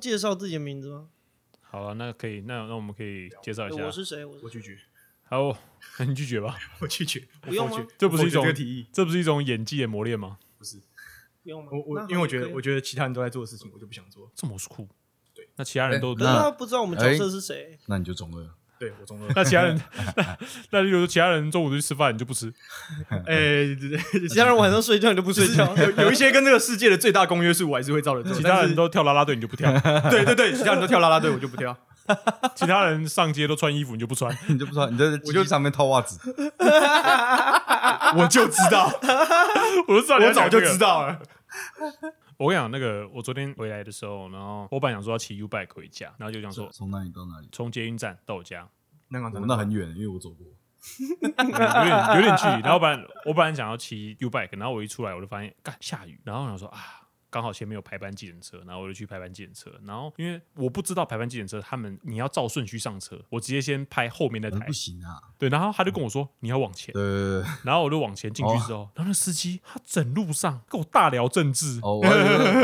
介紹自己的名字嗎？好啊，那可以，那那我們可以介紹一下我是誰。我拒絕。好，那你拒絕吧。我拒絕。不用嗎？這不是一種這不是一種演技的磨練嗎？不是。因為我我因為我覺得我覺得其他人都在做的事情，我就不想做。這麼酷。對。那其他人都那不知道我們角色是誰？那你就中二。對我中，那其他人那那就其他人中午都去吃飯，你就不吃。哎，對，其他人晚上睡覺你就不睡覺。有一些跟這個世界的最大公約數，我還是會照着做。其他人都跳啦啦隊，你就不跳。對對對，其他人都跳啦啦隊，我就不跳。其他人上街都穿衣服，你就不穿，你就不穿。你在我就上面套襪子，我就知道，我就知道，我早就知道了。我跟你講，那個我昨天回來的時候，然後我本來想說要騎 U bike 回家，然後就想說從哪裡到哪裡，從捷運站到我家。那到很遠，因為我走過，有點有點距離。然後不然，我本來想要騎 U bike，然後我一出來，我就發現，幹下雨。然後我想說啊，剛好前面有排班計程車，然後我就去排班計程車。然後因為我不知道排班計程車，他們你要照順序上車。我直接先拍後面那台，不行啊。對，然後他就跟我說，你要往前。對對對。然後我就往前進去之後，然後司機他整路上跟我大聊政治。我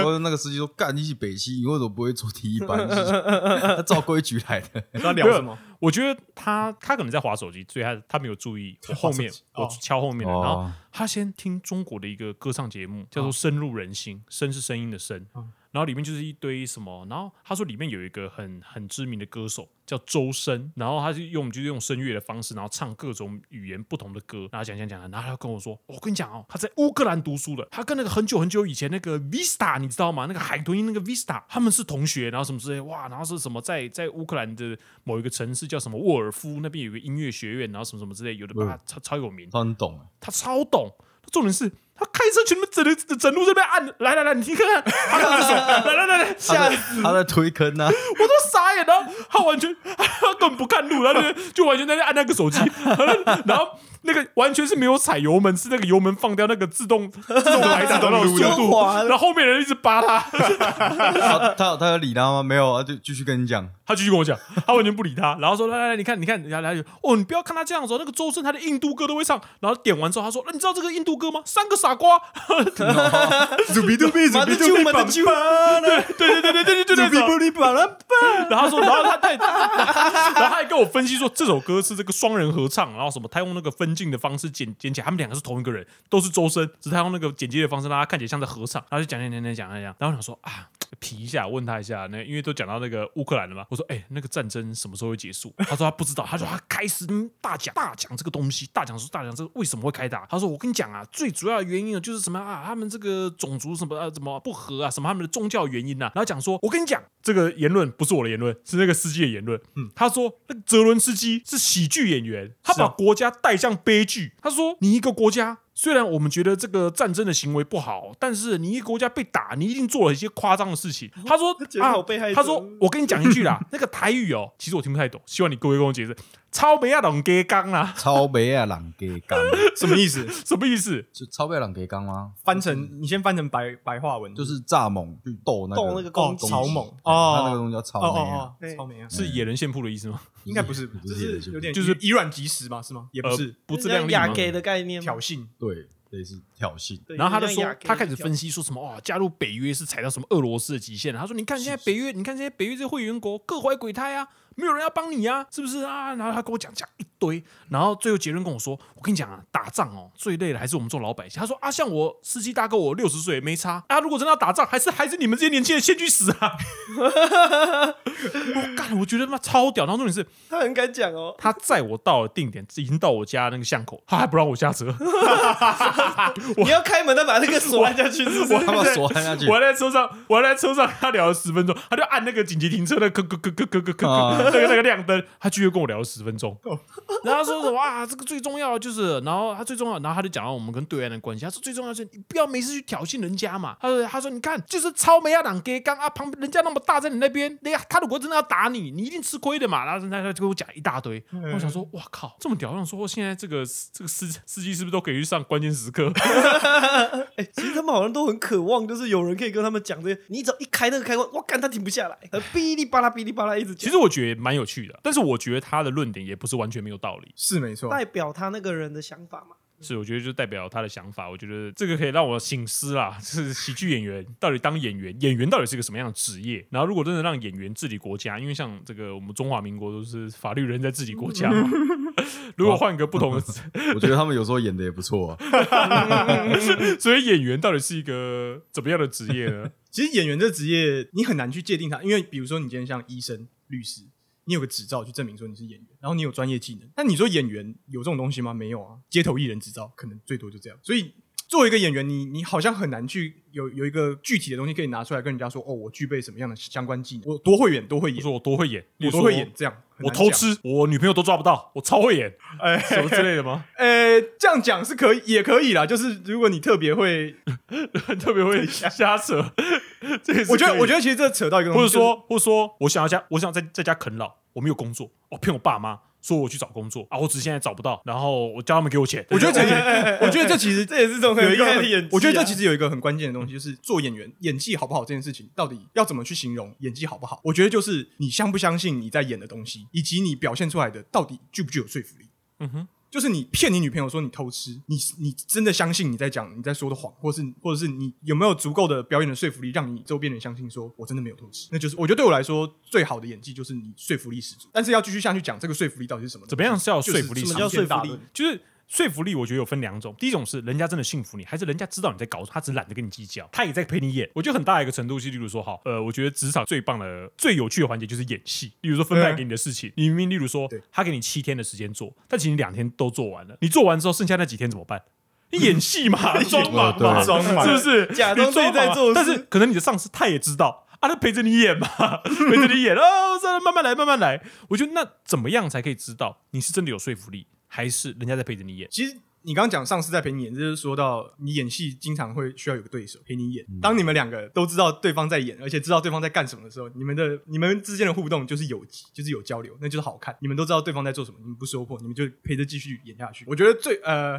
說那個司機說，幹去北溪，以後都不會坐第一班。他照規矩來的。他聊什麼？我覺得他他可能在滑手機，所以他他沒有注意我後面、哦、我敲後面，然後他先聽中國的一個歌唱節目，哦、叫做《聲入人心》，聲、哦、是聲音的聲。哦然後裡面就是一堆什麼，然後他說裡面有一個很很知名的歌手叫周深，然後他就用就是用聲樂的方式，然後唱各種語言不同的歌，然後講講講，然後他跟我說，哦，我跟你講哦，他在烏克蘭讀書的，他跟那個很久很久以前那個 Vista 你知道嗎？那個海豚音那個 Vista，他們是同學，然後什麼之類，哇，然後是什麼在在烏克蘭的某一個城市叫什麼沃爾夫那邊有一個音樂學院，然後什麼什麼之類，有的他對超超有名，他懂，他超懂，重點是。他開車，前面整的整路這邊按，來來來，你看看，他的手，來來來來，他在他在推坑呢，我都傻眼了，啊，他完全他根本不看路，然後就就完全在那按那個手機，然後。那個完全是沒有踩油門，是那個油門放掉，那個自動自動來的那種速度。然後後面人一直扒他，他他有理他嗎？沒有啊，就繼續跟你講。他繼續跟我講，他完全不理他，然後說來來來，你看你看人家來哦，你不要看他這樣子。那個周深他的印度歌都會唱，然後點完之後他說，你知道這個印度歌嗎？三個傻瓜，印度歌，反正就我們的吉普，對對對對對對對對，然後他說，然後他他，然後他還跟我分析說這首歌是這個雙人合唱，然後什麼他用那個分。的方式剪剪起來，他們兩個是同一個人，都是周深，只是他用那個剪輯的方式，讓他看起來像在合唱。然後就講講講講講講，然後我想說啊。皮一下，問他一下，那因為都講到那個烏克蘭了嘛。我說，哎、欸，那個戰爭什麼時候會結束？ 他說他不知道，他說他開始大講大講這個東西，大講說大講這個為什麼會開打？他說我跟你講啊，最主要的原因啊就是什麼啊，他們這個種族什麼啊，怎麼不和啊，什麼他們的宗教原因啊，然後講說，我跟你講，這個言論不是我的言論，是那個司機的言論。嗯，他說那澤倫斯基是喜劇演員，他把國家帶向悲劇。他說、啊、你一個國家。雖然我們覺得這個戰爭的行為不好，但是你一個國家被打，你一定做了一些誇張的事情。他說、哦、他被害啊，他說我跟你講一句啦， 那個台語哦、喔，其實我聽不太懂，希望你各位跟我解釋。超美啊，狼給鋼啊！超美啊，狼給鋼！什麼意思？什麼意思？是超美狼給鋼嗎？翻成你先翻成白白話文，就是蚱蜢鬥那鬥那個攻草蜢哦，那個東西叫草蜢，草蜢是野人獻曝的意思嗎？應該不是，不是有點就是以卵擊石嗎？是嗎？也不是，不自量力亞給的概念挑釁，對，這是挑釁。然後他就說，他開始分析說什麼啊，加入北約是踩到什麼俄羅斯的極限了？他說，你看現在北約，你看現在北約這些會員國各懷鬼胎啊。沒有人要幫你啊，是不是啊？然後他跟我講講一堆，然後最後結論跟我說：“我跟你講啊，打仗哦、喔，最累的還是我們做老百姓。”他說：“啊，像我司機大哥，我六十歲沒差啊。如果真的要打仗，還是還是你們這些年輕人先去死啊！”我幹、 喔，我覺得他媽超屌。然後重點是，他很敢講哦、喔。他載我到了定點，已經到我家那個巷口，他還不讓我下車。 你要開門，再把那個鎖按，按下去，是不是？他把鎖按下去。我還在車上，我還在車上，他聊了十分鐘，他就按那個緊急停車的，咯咯咯咯咯咯咯。Uh, 那個那個亮燈，他繼續跟我聊了十分鐘。然後他說：“哇，這個最重要就是，然後他最重要，然後他就講到我們跟對岸的關係。他說最重要是，你不要沒事去挑釁人家嘛。”他說：“他說你看，就是超美亞黨給剛啊，旁邊人家那麼大在你那邊，哎，他如果真的要打你，你一定吃虧的嘛。”然後他他跟我講一大堆。我想說：“哇靠，這麼屌！”我想說：“現在這個這個司司機是不是都可以去上關鍵時刻？”哎，其實他們好像都很渴望，就是有人可以跟他們講這些。你只要一開那個開關，我幹他停不下來，嗶哩吧啦，嗶哩吧啦，一直講。其實我覺得。蠻有趣的，但是我覺得他的論點也不是完全沒有道理，是沒錯，代表他那個人的想法嘛，是我覺得就代表他的想法。我覺得這個可以讓我省思啦，就是喜劇演員 到底當演員，演員到底是個什麼樣的職業？然後如果真的讓演員治理國家，因為像這個我們中華民國都是法律人在治理國家嘛， 如果換個不同的，哇 我覺得他們有時候演得也不錯，啊、 所以演員到底是一個怎麼樣的職業呢？ 其實演員這職業你很難去界定它，因為比如說你今天像醫生、律師。你有個執照去證明說你是演員，然後你有專業技能。那你說演員有這種東西嗎？沒有啊，街頭藝人執照可能最多就這樣。所以。作為一個演員，你你好像很難去有有一個具體的東西可以拿出來跟人家說，哦，我具備什麼樣的相關技能？我多會演，多會演，我說我多會演，我多會演，這樣我偷吃，我女朋友都抓不到，我超會演，欸、什麼之類的嗎？呃、欸，這樣講是可以，也可以啦，就是如果你特別會， 特別會瞎瞎扯， 我覺得，我覺得其實這扯到一個東西，或者說，就是、或者說，我想要家，我想要在在家啃老，我沒有工作，我騙我爸媽。說我去找工作啊，我只是現在找不到，然後我叫他們給我錢。我覺得這，我覺得這其實，這，其實這也是一種很有用的演技啊，很有我覺得這其實有一個很關鍵的東西，就是做演員演技好不好這件事情，到底要怎麼去形容演技好不好？我覺得就是你相不相信你在演的東西，以及你表現出來的到底具不具有說服力。嗯哼。就是你騙你女朋友說你偷吃，你你真的相信你在講你在說的謊，或是或者是你有沒有足夠的表演的說服力，讓你周邊人相信說我真的沒有偷吃？那就是我覺得對我來說最好的演技就是你說服力十足，但是要繼續下去講這個說服力到底是什麼？怎麼樣叫說服力？什麼叫說服力？就是。說服力我覺得有分兩種，第一種是人家真的信服你，還是人家知道你在搞，他只懶得跟你計較，他也在陪你演。我覺得很大一個程度是，例如說，哈，呃，我覺得職場最棒的、最有趣的環節就是演戲。例如說分派給你的事情，嗯、你明明例如說對他給你七天的時間做，但其實你兩天都做完了。你做完之後，剩下那幾天怎麼辦？你演戲嘛， 裝嘛嘛，是不是、哦、裝假裝在做？但是可能你的上司他也知道啊，他陪着你演嘛， 陪着你演嘍，再、哦、慢慢來，慢慢來。我覺得那怎麼樣才可以知道你是真的有說服力？還是人家在陪着你演。你剛剛講上司在陪你演，就是說到你演戲經常會需要有個對手陪你演。當你們兩個都知道對方在演，而且知道對方在幹什麼的時候，你們的你們之間的互動就是有，就是有交流，那就是好看。你們都知道對方在做什麼，你們不說破，你們就陪着繼續演下去。我覺得最呃，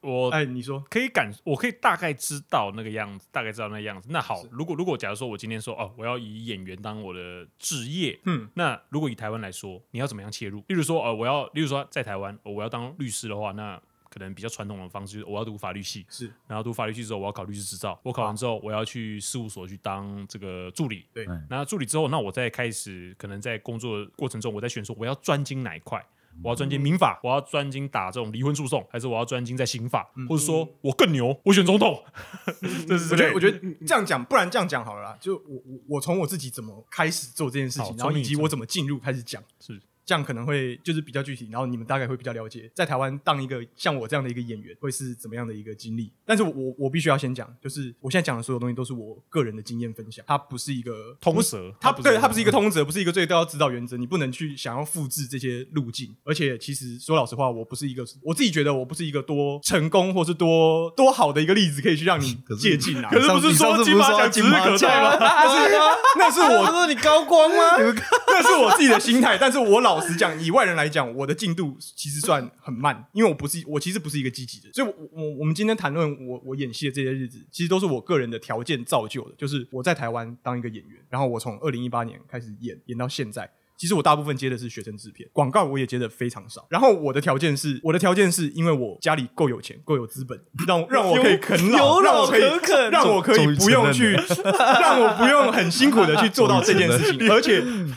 我哎，你說可以感，我可以大概知道那個樣子，大概知道那個樣子。那好，是如果如果假如說我今天說哦、呃，我要以演員當我的職業，嗯，那如果以台灣來說，你要怎麼樣切入？例如說呃，我要，例如說在台灣、呃，我要當律師的話，那可能比較傳統的方式，我要讀法律系，是，然後讀法律系之後，我要考律師執照，我考完之後，我要去事務所去當這個助理，對，那助理之後，那我再開始可能在工作過程中，我再選說我要專精哪一塊，我要專精民法，嗯、我要專精打這種離婚訴訟，還是我要專精在刑法，或者說我更牛，我選總統。我覺得對我覺得這樣講，不然這樣講好了啦，就我我我從我自己怎麼開始做這件事情，然後以及我怎麼進入開始講是不是。這樣可能會就是比較具體，然後你們大概會比較了解，在台灣當一個像我這樣的一個演員會是怎麼樣的一個經歷。但是我我必須要先講，就是我現在講的所有東西都是我個人的經驗分享，它不是一個通則，同哲它，它，不它對它不是一個通則，嗯、不是一個最高指導原則，你不能去想要複製這些路徑。而且其實說老實話，我不是一個我自己覺得我不是一個多成功或是多多好的一個例子，可以去讓你借鏡啊。可是，可是不是說金馬獎指日可待嗎？啊、那還是 那是我，那 是你高光嗎？ 那是我自己的心態，但是我老。老實講，以外人來講，我的進度其實算很慢，因為我不是我，其實不是一個積極的。所以我，我我我們今天談論我我演戲的這些日子，其實都是我個人的條件造就的。就是我在台灣當一個演員，然後我從二零一八年開始演演到現在，其實我大部分接的是學生制片，廣告我也接的非常少。然後我的條件是，我的條件是因為我家裡夠有錢，夠有資本，讓我讓我可以啃老，有老可啃，讓我可以，讓我可以不用去，讓我不用很辛苦的去做到這件事情，而且。嗯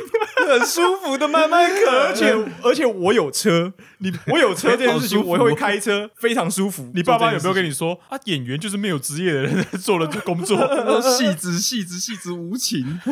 很舒服的慢慢開，而且 而且我有車，你我有車 這件事情，我會開車， 非常舒服。你爸爸有沒有跟你說 啊？演員就是沒有職業的人 做了工作，戲子戲子戲子無情， 無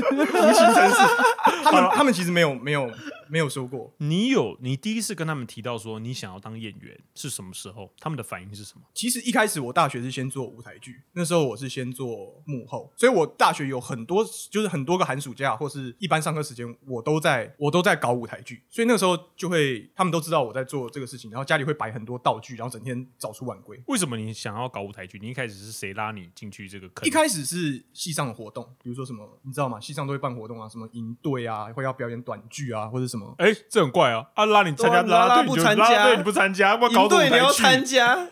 情真是。 他們 他們其實沒有沒有。沒有說過。你有你第一次跟他們提到說你想要當演員是什麼時候？他們的反應是什麼？其實一開始我大學是先做舞台劇，那時候我是先做幕後，所以我大學有很多就是很多個寒暑假或是一般上課時間，我都在我都在搞舞台劇，所以那時候就會他們都知道我在做這個事情，然後家裡會擺很多道具，然後整天早出晚歸。為什麼你想要搞舞台劇？你一開始是誰拉你進去這個坑？一開始是系上的活動，比如說什麼你知道嗎？系上都會辦活動啊，什麼營隊啊，會要表演短劇啊，或者什麼。哎，這很怪啊！阿、啊、拉你參加，拉拉隊、啊、你拉拉不參加，對你，你不參加，營隊你要參加，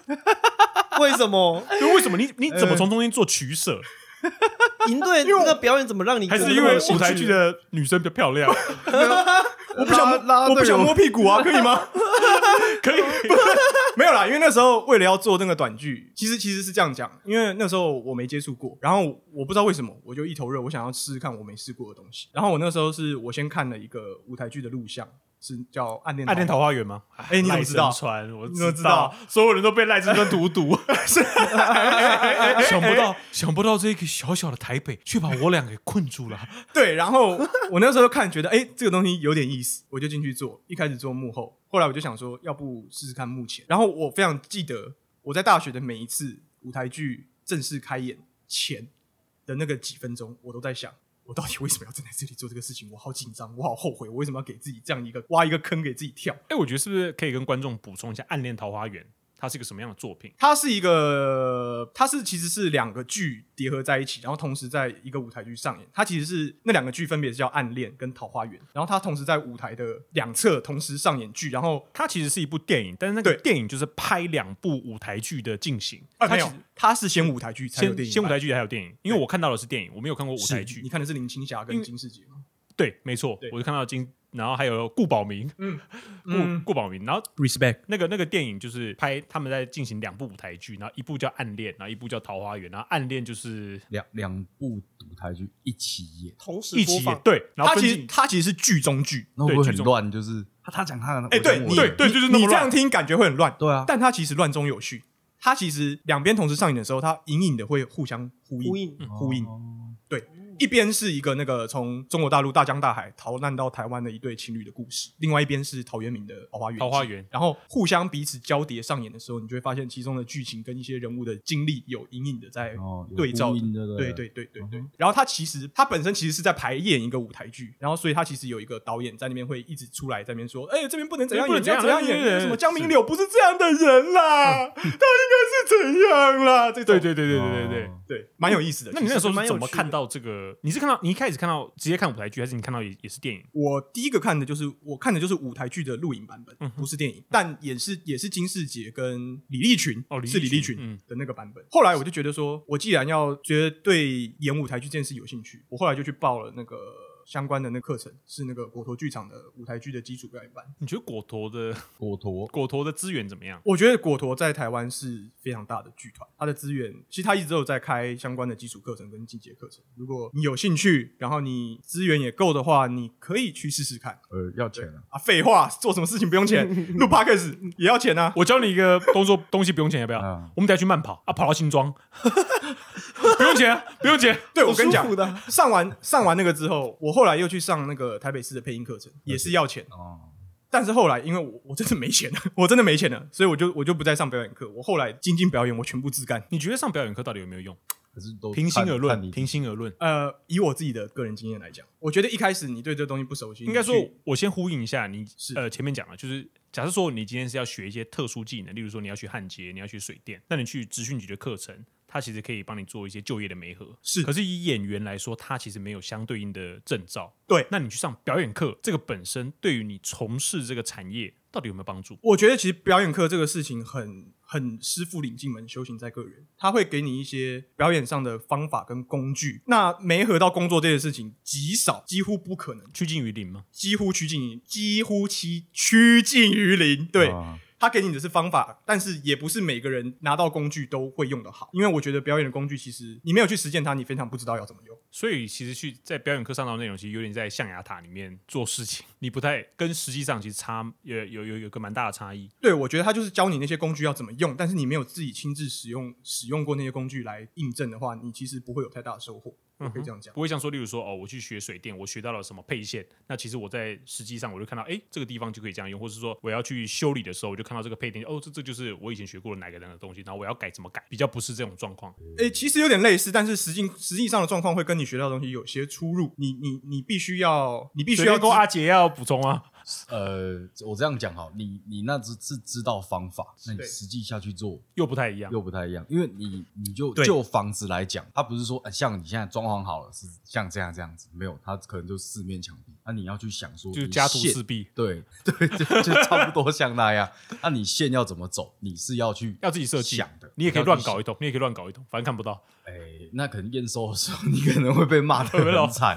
為什麼？因為 為什麼、欸、為什麼你你怎麼從中間做取舍？營隊那個表演怎麼讓你，還是因為舞台劇的女生比較漂亮？ 我不想摸，我不想摸屁股啊， 可以嗎？可以，沒有啦，因為那時候為了要做那個短劇，其實其實是這樣講，因為那時候我沒接觸過，然後我不知道為什麼我就一頭熱，我想要試試看我沒試過的東西，然後我那時候是我先看了一個舞台劇的錄像。是叫《暗戀》《暗戀桃花源》嗎？哎、欸，你怎麼知道？賴聲川，我你怎麼知道？所有人都被賴聲川荼毒，想不到， 想不到， 不到這個小小的台北卻把我倆給困住了。 對，然後我那個時候看覺得，哎、欸，這個東西有點意思，我就進去做。一開始做幕後，後來我就想說，要不試試看幕前。然後我非常記得，我在大學的每一次舞台劇正式開演前的那個幾分鐘，我都在想。我到底為什麼要站在這裡做這個事情？我好緊張，我好後悔，我為什麼要給自己這樣一個挖一個坑給自己跳？哎、欸，我覺得是不是可以跟觀眾補充一下《暗戀桃花源》？它是一個什麼樣的作品？它是一個，它是其實是兩個劇疊合在一起，然後同時在一個舞台劇上演。它其實是那兩個劇分別是叫《暗戀》跟《桃花源》，然後它同時在舞台的兩側同時上演劇。然後它其實是一部電影，但是那個電影就是拍兩部舞台劇的進行。對啊，沒有，它是先舞台劇才有電影，先先舞台劇才有電影，因為我看到的是電影，對我沒有看過舞台劇。你看的是林青霞跟金士傑嗎？對，沒錯，對我就看到的金。然後還有顧寶明，顧顧寶明。然後 respect 那個那個電影就是拍他們在進行兩部舞台劇，然後一部叫《暗戀》，然後一部叫《桃花源》。然後《暗戀》就是兩兩部舞台劇一起演，同時一起演。對，他其實他其實是劇中劇，那很亂？就是他講他的，哎，對對對，就是你這樣聽感覺會很亂，對啊。但他其實亂中有序，他其實兩邊同時上演的時候，他隱隱的會互相呼應呼應。一邊是一個那個從中國大陸大江大海逃難到台灣的一對情侶的故事，另外一邊是陶淵明的桃花源，桃花源，然後互相彼此交疊上演的時候，你就會發現其中的劇情跟一些人物的經歷有隱隱的在對照。對對對對對，對。然後他其實他本身其實是在排演一個舞台劇，然後所以他其實有一個導演在那邊會一直出來在那邊說：“哎，這邊不能怎樣，演，能怎樣，怎樣演？什麼江明柳不是這樣的人啦、啊，他應該是怎樣啦？”這對對對對對對對對，蠻有意思的。那你那時候是怎麼看到這個？你是看到你一開始看到直接看舞台劇，還是你看到也也是電影？我第一個看的就是我看的就是舞台劇的錄影版本，嗯、哼不是電影，嗯、哼但也是也是金士傑跟李立群哦，李立群，是李立群的那個版本。嗯、後來我就覺得說，我既然要覺得對演舞台劇這件事有興趣，我後來就去報了那個。相關的那課程是那個果陀劇場的舞台劇的基礎表演班。你覺得果陀的果陀果陀的資源怎麼樣？我覺得果陀在台灣是非常大的劇團，它的資源其實它一直都有在開相關的基礎課程跟進階課程。如果你有興趣，然後你資源也夠的話，你可以去試試看。呃，要錢啊？啊，廢話，做什麼事情不用錢？錄 podcast 也要錢啊！ 我教你一個動作東西不用錢要不要，啊、我們等一下去慢跑啊，跑到新莊。 不用錢、啊，不用錢、啊。 對，我跟你講，上完上完那個之後，我後來又去上那個台北市的配音課程，也是要錢哦。但是後來，因為我我真的沒錢了，我真的沒錢了，所以我就我就不再上表演課。我後來精進表演，我全部自幹。你覺得上表演課到底有沒有用？可是都？平心而論，平心而論，呃，以我自己的個人經驗來講，我覺得一開始你對這個東西不熟悉，應該說，我先呼應一下你，是呃，前面講了，就是假設說你今天是要學一些特殊技能，例如說你要去焊接，你要去水電，那你去職訓局的課程。他其實可以幫你做一些就業的媒合，是。可是以演員來說，他其實沒有相對應的證照。對。那你去上表演課，這個本身對於你從事這個產業到底有沒有幫助？我覺得其實表演課這個事情很很師傅領進門，修行在個人。他會給你一些表演上的方法跟工具。那媒合到工作這件事情，極少，幾乎不可能，趨近於零嗎？幾乎趨近於，幾乎趨趨近於零，對。啊他給你的是方法，但是也不是每個人拿到工具都會用得好，因為我覺得表演的工具其實你沒有去實踐它，你非常不知道要怎麼用。所以其實去在表演課上的那種其實有點在象牙塔裡面做事情，你不太跟實際上其實差也有有有一個蠻大的差異。對，我覺得他就是教你那些工具要怎麼用，但是你沒有自己親自使用使用過那些工具來印證的話，你其實不會有太大的收穫。嗯，可以這樣講、嗯。不會像說，例如說，哦，我去學水電，我學到了什麼配線，那其實我在實際上我就看到，誒、欸，這個地方就可以這樣用，或是說我要去修理的時候，我就看到這個配電，哦，這這就是我以前學過的哪個人的東西，然後我要改怎麼改，比較不是這種狀況。誒、欸，其實有點類似，但是實際實際上的狀況會跟你學到的東西有些出入。你你你必須要，你必須要跟阿杰要補充啊。呃，我這樣講哈，你你那只是知道方法，對那你實際下去做又不太一樣，又不太一樣，因為你你就對就房子來講，它不是說、欸、像你現在裝潢好了是像這樣這樣子，沒有，它可能就四面牆壁，那、啊、你要去想說，就家徒四壁，對對就，就差不多像那樣。那、 啊、你線要怎麼走？你是要去要自己設計，你也可以亂搞一通，你也可以亂搞一通，反正看不到。哎、欸，那可能驗收的時候，你可能會被罵得很慘。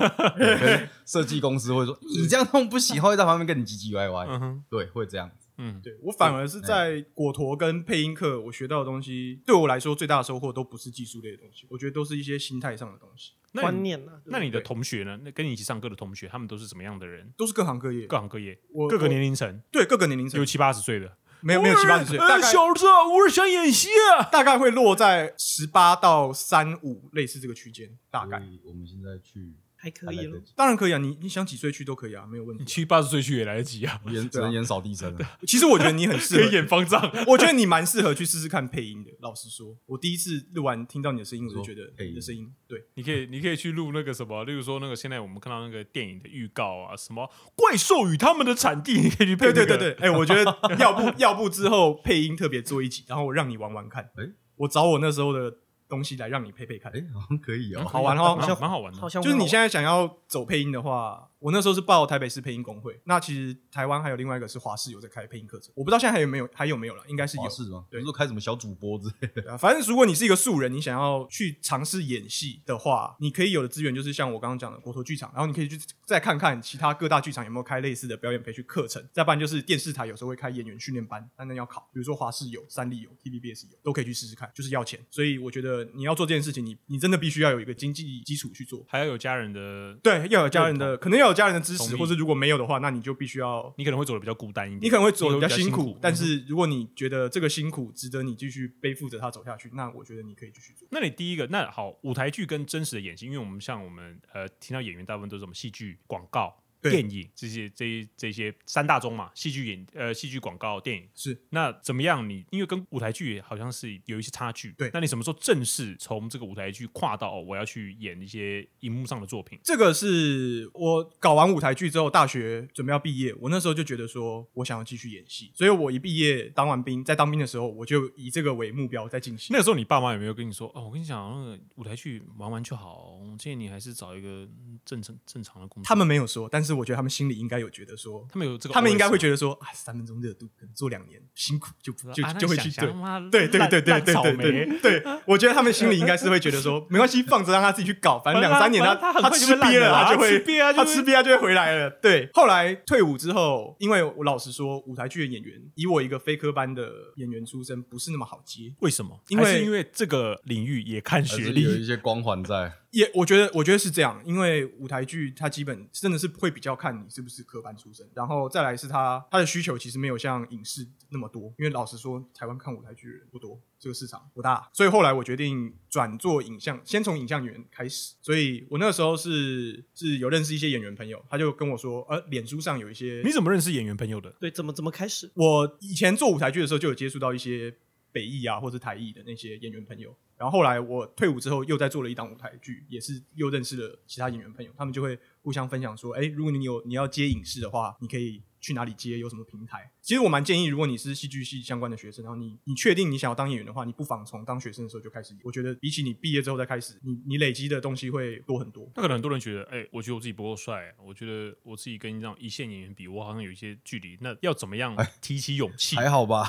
設計 公司會說你這樣弄不行，會在旁邊跟。唧唧歪歪，嗯哼，對，會這樣，嗯，對我反而是在果陀跟配音課，我學到的東西，對我來說最大的收穫都不是技術類的東西，我覺得都是一些心態上的東西，你觀念啊。對對，那你的同學呢？那跟你一起上課的同學，他們都是怎麼樣的人？都是各行各業，各行各業，各個年齡層，對，各個年齡層有七八十歲的，沒有沒有七八十歲，哎概、欸，小子，我是想演戲、啊，大概會落在十八到三五，類似這個區間，大概。我們現在去。還可以了，還當然可以啊！你你想幾歲去都可以啊，沒有問題、啊。你七八十歲去也來得及啊，我演啊只能演掃地僧。其實我覺得你很適合 演方丈， 我覺得你蠻適合去試試看配音的。老實說，我第一次錄完聽到你的聲音，我就覺得你的聲音。對，你可以你可以去錄那個什麼，例如說那個現在我們看到那個電影的預告啊，什麼怪獸與他們的產地，你可以去配音。對對對對，哎、 欸，我覺得要不要不之後配音特別做一集，然後我讓你玩玩看。哎、欸，我找我那時候的。東西來讓你配配看。欸，好像可以啊！好玩喔，蠻好玩的。就是你現在想要走配音的話，我那時候是報台北市配音工會，那其實台灣還有另外一個是華視有在開配音課程，我不知道現在還有沒有，還有沒有了？應該是有。華視嗎？對，有人說開什麼小主播之類的，啊，反正如果你是一個素人，你想要去嘗試演戲的話，你可以有的資源就是像我剛剛講的國投劇場，然後你可以去再看看其他各大劇場有沒有開類似的表演培訓課程。再不然就是電視台有時候會開演員訓練班，當然要考，比如說華視有、三立有、TVBS 有，都可以去試試看，就是要錢。所以我覺得你要做這件事情，你你真的必須要有一個經濟基礎去做，還要有家人的對，要有家人的，堂可能要。沒有家人的支持，意或是如果沒有的話，那你就必須要，你可能會走得比較孤單一點，你可能會走得比較辛苦。但是如果你覺得這個辛苦、嗯、哼值得你繼續背負着它走下去，那我覺得你可以繼續做。那你第一個，那好，舞台劇跟真實的演戲，因為我們像我們呃，聽到演員大部分都是什麼戲劇、廣告。對電影這些、這些這些三大宗嘛，戲劇演呃，戲劇、廣告、電影是那怎麼樣？你因為跟舞台劇好像是有一些差距，對，那你什麼時候正式從這個舞台劇跨到我要去演一些熒幕上的作品？這個是我搞完舞台劇之後，大學準備要畢業，我那時候就覺得說我想要繼續演戲，所以我一畢業當完兵，在當兵的時候，我就以這個為目標在進行。那個時候你爸媽有沒有跟你說？哦，我跟你講，舞台劇玩完就好，我建議你還是找一個正常正常的工。他們沒有說，但是。但是，我覺得他們心裡應該有覺得說，他們有這個，他們應該會覺得說，啊，三分鐘熱度，可能做兩年辛苦就，就就就會去、啊、想對對對對對對對對,對,對，爛草莓、對我覺得他們心裡應該是會覺得說，沒關係，放着讓他自己去搞，反正兩三年他他,了他吃癟了，他就會,就會他吃癟他、啊、就會回來了。啊啊、對，後來退伍之後，因為我老實說，舞台劇的演員，以我一個非科班的演員出身，不是那麼好接。為什麼？因為因為這個領域也看學歷，有一些光環在。也、yeah, 我覺得，我覺得是這樣，因為舞台劇它基本真的是會比較看你是不是科班出身，然後再來是他他的需求其實沒有像影視那麼多，因為老實說，台灣看舞台劇的人不多，這個市場不大，所以後來我決定轉做影像，先從影像員開始。所以我那個時候是是有認識一些演員朋友，他就跟我說，呃，臉書上有一些，你怎麼認識演員朋友的？對，怎麼怎麼開始？我以前做舞台劇的時候就有接觸到一些。北藝啊，或者台藝的那些演員朋友，然後後來我退伍之後又再做了一檔舞台劇，也是又認識了其他演員朋友，他們就會互相分享說：“哎，如果你有你要接影視的話，你可以去哪裡接，有什麼平台？”其實我蠻建議，如果你是戲劇系相關的學生，然後你你確定你想要當演員的話，你不妨從當學生的時候就開始，我覺得比起你畢業之後再開始，你你累積的東西會多很多。那可能很多人覺得：“哎，我覺得我自己不夠帥，我覺得我自己跟那種一線演員比我好像有一些距離。”那要怎麼樣提起勇氣？還好吧。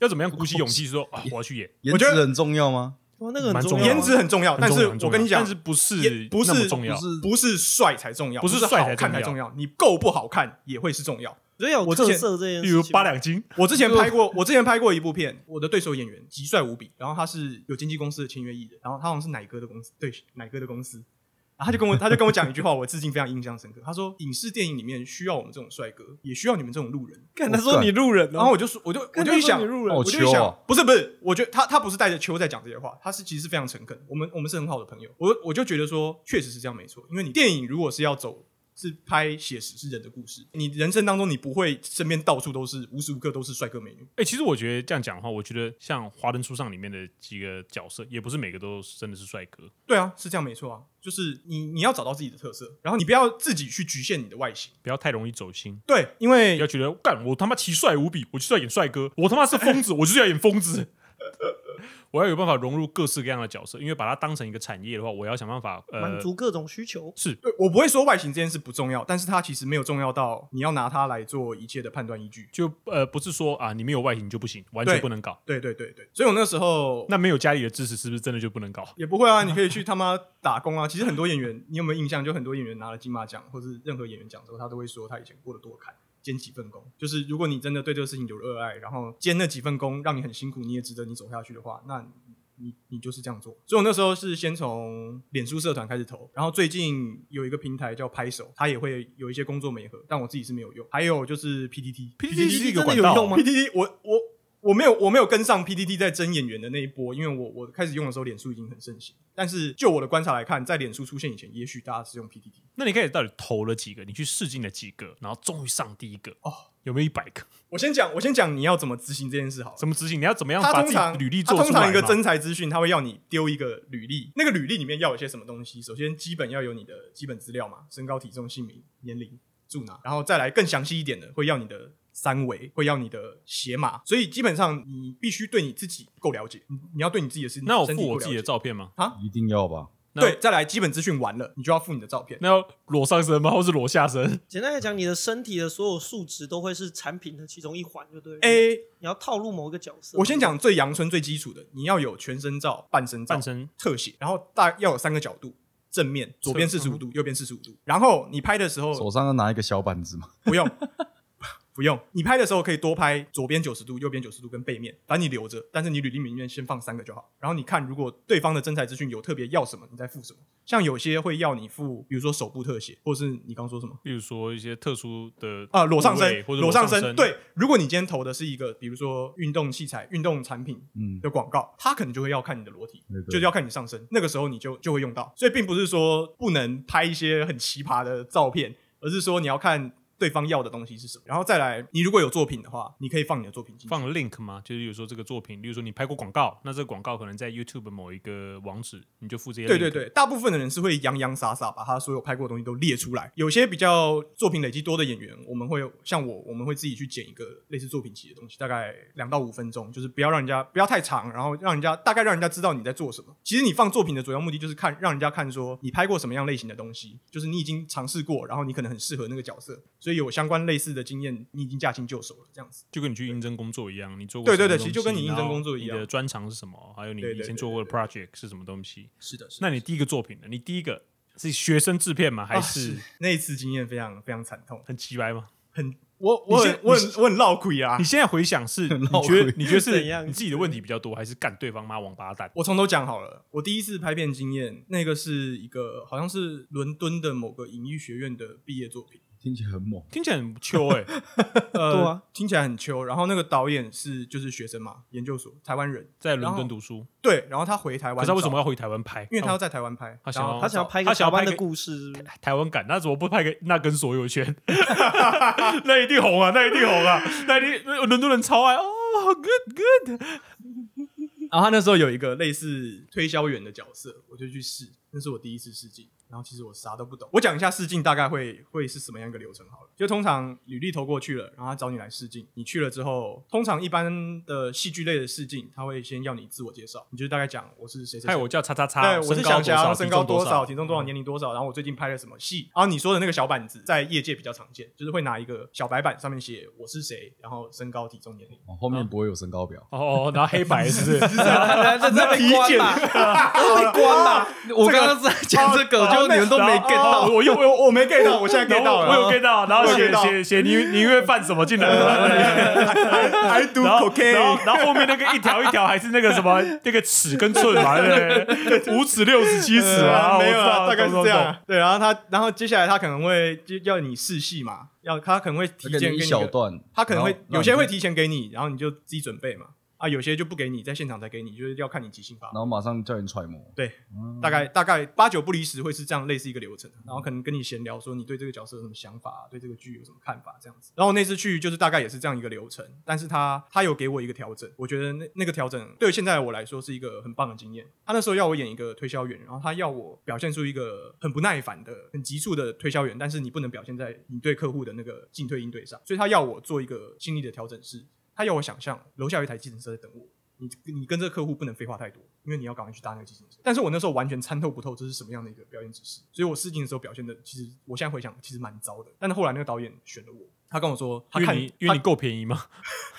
要怎麼樣鼓起勇氣說啊，我要去演？顏值很重要嗎？哇，那個很重要，顏值很重要，但是我跟你講，但是不是不是重要，不是帥才重要，不是帥好看才重要，重要你夠不好看也會是重要。所以有特色這些，比如八兩金。我之前拍過，我之前拍過一部片，我的對手演員極帥無比，然後他是有經紀公司的簽約藝人，然後他好像是奶哥的公司，對，奶哥的公司。 然後他就跟我，他就跟我講一句話，我至今非常印象深刻。他說：“影視電影裡面需要我們這種帥哥，也需要你們這種路人。”他說你、哦：“你路人。”然後我就說：“我就我就一想路人。”我就一想，哦、不是不是，我覺他他不是帶着秋在講這些話，他是其實是非常誠懇。我們我們是很好的朋友，我我就覺得說確實是這樣沒錯，因為你電影如果是要走。是拍寫實，是人的故事。你人生當中，你不會身邊到處都是，無時無刻都是帥哥美女。誒、欸，其實我覺得這樣講的話，我覺得像《華燈初上》裡面的幾個角色，也不是每個都真的是帥哥。對啊，是這樣沒錯啊。就是你你要找到自己的特色，然後你不要自己去局限你的外形，不要太容易走心。對，因為要覺得幹我他媽奇帥無比，我就是要演帥哥。我他媽是瘋子，欸、我就是要演瘋子。我要有辦法融入各式各樣的角色，因為把它當成一個產業的話，我要想辦法呃、滿足各種需求。是對，我不會說外形這件事不重要，但是它其實沒有重要到你要拿它來做一切的判斷依據。就呃不是說啊，你沒有外形就不行，完全不能搞。對。對對對對，所以我那時候那沒有家裡的支持，是不是真的就不能搞？也不會啊，你可以去他媽打工啊。 其實很多演員，你有沒有印象？就很多演員拿了金馬獎或是任何演員獎之後，他都會說他以前過得多不兼幾份工，就是如果你真的對這個事情有熱愛，然後兼那幾份工讓你很辛苦，你也值得你走下去的話，那你你，你就是這樣做。所以我那時候是先從臉書社團開始投，然後最近有一個平台叫拍手，它也會有一些工作媒合，但我自己是沒有用。還有就是 PTT，PTT 真的有用嗎？PTT 我我。我我沒有，我沒有跟上 PTT 在徵演員的那一波，因為我我開始用的時候，臉書已經很盛行。但是就我的觀察來看，在臉書出現以前，也許大家是用 PTT。那你開始到底投了幾個？你去試鏡了幾個？然後終於上第一個哦，有沒有一百個我？我先講，我先講你要怎麼執行這件事好？怎麼執行？你要怎麼樣把？把你履歷，做出來，他通常一個徵才資訊，他會要你丟一個履歷。那個履歷裡面要有些什麼東西？首先，基本要有你的基本資料嘛，身高、體重、姓名、年齡、住哪，然後再來更詳細一點的，會要你的。三圍會要你的鞋碼，所以基本上你必須對你自己夠了解。你要對你自己的身體，那我附我自己的照片嗎？啊蛤，一定要吧。對，要再來基本資訊完了，你就要附你的照片。那要裸上身嗎？或是裸下身？簡單來講，你的身體的所有數值都會是產品的其中一環。對，A、欸、你要套路某個角色。我先講最陽春、最基礎的，你要有全身照、半身照、半身特寫，然後大要有三個角度：正面、左邊四十五度、長右邊四十五度。然後你拍的時候，手上要拿一個小板子嗎？不用。 不用，你拍的時候可以多拍左邊九十度、右邊九十度跟背面，反正你留着。但是你履歷裡面先放三個就好。然後你看，如果對方的徵才資訊有特別要什麼，你再附什麼。像有些會要你附，比如說手部特寫，或是你剛剛說什麼？比如說一些特殊的啊裸上身、裸上身。對，如果你今天投的是一個，比如說運動器材、運動產品的廣告，它、嗯、可能就會要看你的裸體，對對對，就是要看你上身。那個時候你就就會用到。所以並不是說不能拍一些很奇葩的照片，而是說你要看。對方要的東西是什麼？然後再來，你如果有作品的話，你可以放你的作品進去。放 link 嗎？就是比如說這個作品，例如說你拍過廣告，那這個廣告可能在 YouTube 某一個網址，你就附這些。對對對，大部分的人是會洋洋灑灑把他所有拍過的東西都列出來。有些比較作品累積多的演員，我們會像我，我們會自己去剪一個類似作品集的東西，大概兩到五分鐘，就是不要讓人家不要太長，然後讓人家大概讓人家知道你在做什麼。其實你放作品的主要目的就是看讓人家看說你拍過什麼樣類型的東西，就是你已經嘗試過，然後你可能很適合那個角色。所以有相關類似的經驗，你已經駕輕就熟了，這樣子就跟你去應徵工作一樣，你做過對對對，其實就跟你應徵工作一樣。你的專長是什麼？還有你以前做過的 project 是什麼東西？是的，是的。那你第一個作品呢？你第一個是學生製片嗎？還是那次經驗非常非常慘痛，很奇怪嗎？很，我我我很我很鬧鬼啊！你現在回想是你覺得你覺得怎樣？你自己的問題比較多，還是幹對方媽王八蛋？我從頭講好了，我第一次拍片經驗，那個是一個好像是倫敦的某個影藝學院的畢業作品。聽起來很猛，聽起來很秋哎，對啊，聽起來很秋。然後那個導演是就是學生嘛，研究所，台灣人，在倫敦讀書，對。然後他回台灣，他為什麼要回台灣拍？因為他要在台灣拍，他想要拍他想要拍的故事，台灣感。那怎麼不拍個那根所有權？那一定紅啊，那一定紅啊，那一定。倫敦人超愛哦，good good。然後他那時候有一個類似推銷員的角色，我就去試，那是我第一次試鏡。然後其實我啥都不懂，我講一下試鏡大概會會是什麼樣一個流程好了。就通常履歷投過去了，然後他找你來試鏡，你去了之後，通常一般的戲劇類的試鏡，他會先要你自我介紹，你就大概講我是誰誰誰，還有我叫叉叉叉，對，我是小強。身高多少，體重多少，年齡多少，然後我最近拍了什麼戲。然後你說的那個小板子在業界比較常見，就是會拿一個小白板上面寫我是誰，然後身高體重年齡，後面不會有身高表哦，然後黑白是不是？這被關了。我剛剛是在講這個你們都沒 get 到，我我我沒 get 到，我現在 get 到了，我有 get 到，然後寫寫寫，你你因為犯什麼進來了？還讀，然後然後後面那個一條一條還是那個什麼那個尺跟寸嘛，五尺六尺七尺啊，沒有，大概是這樣。對，然後他然後接下來他可能會就要你試戲嘛，要他可能會提前給一小段，他可能會有些人會提前給你，然後你就自己準備嘛。啊，有些就不給你，在現場才給你，就是要看你即興吧。然後馬上叫人揣摩。對、嗯大，大概大概八九不離十，會是這樣，類似一個流程。然後可能跟你閒聊，說你對這個角色有什麼想法，對這個劇有什麼看法，這樣子。然後那次去就是大概也是這樣一個流程，但是他他有給我一個調整，我覺得那那個調整對現在我來說是一個很棒的經驗。他那時候要我演一個推銷員，然後他要我表現出一個很不耐煩的、很急促的推銷員，但是你不能表現在你對客戶的那個進退應對上，所以他要我做一個心理的調整是。他要我想象樓下有一台計程車在等我，你你跟這個客戶不能廢話太多，因為你要趕快去搭那個計程車。但是我那時候完全參透不透這是什麼樣的一個表演指示，所以我試鏡的時候表現的其實我現在回想其實蠻糟的。但是後來那個導演選了我，他跟我說，他看，因為你夠便宜嗎？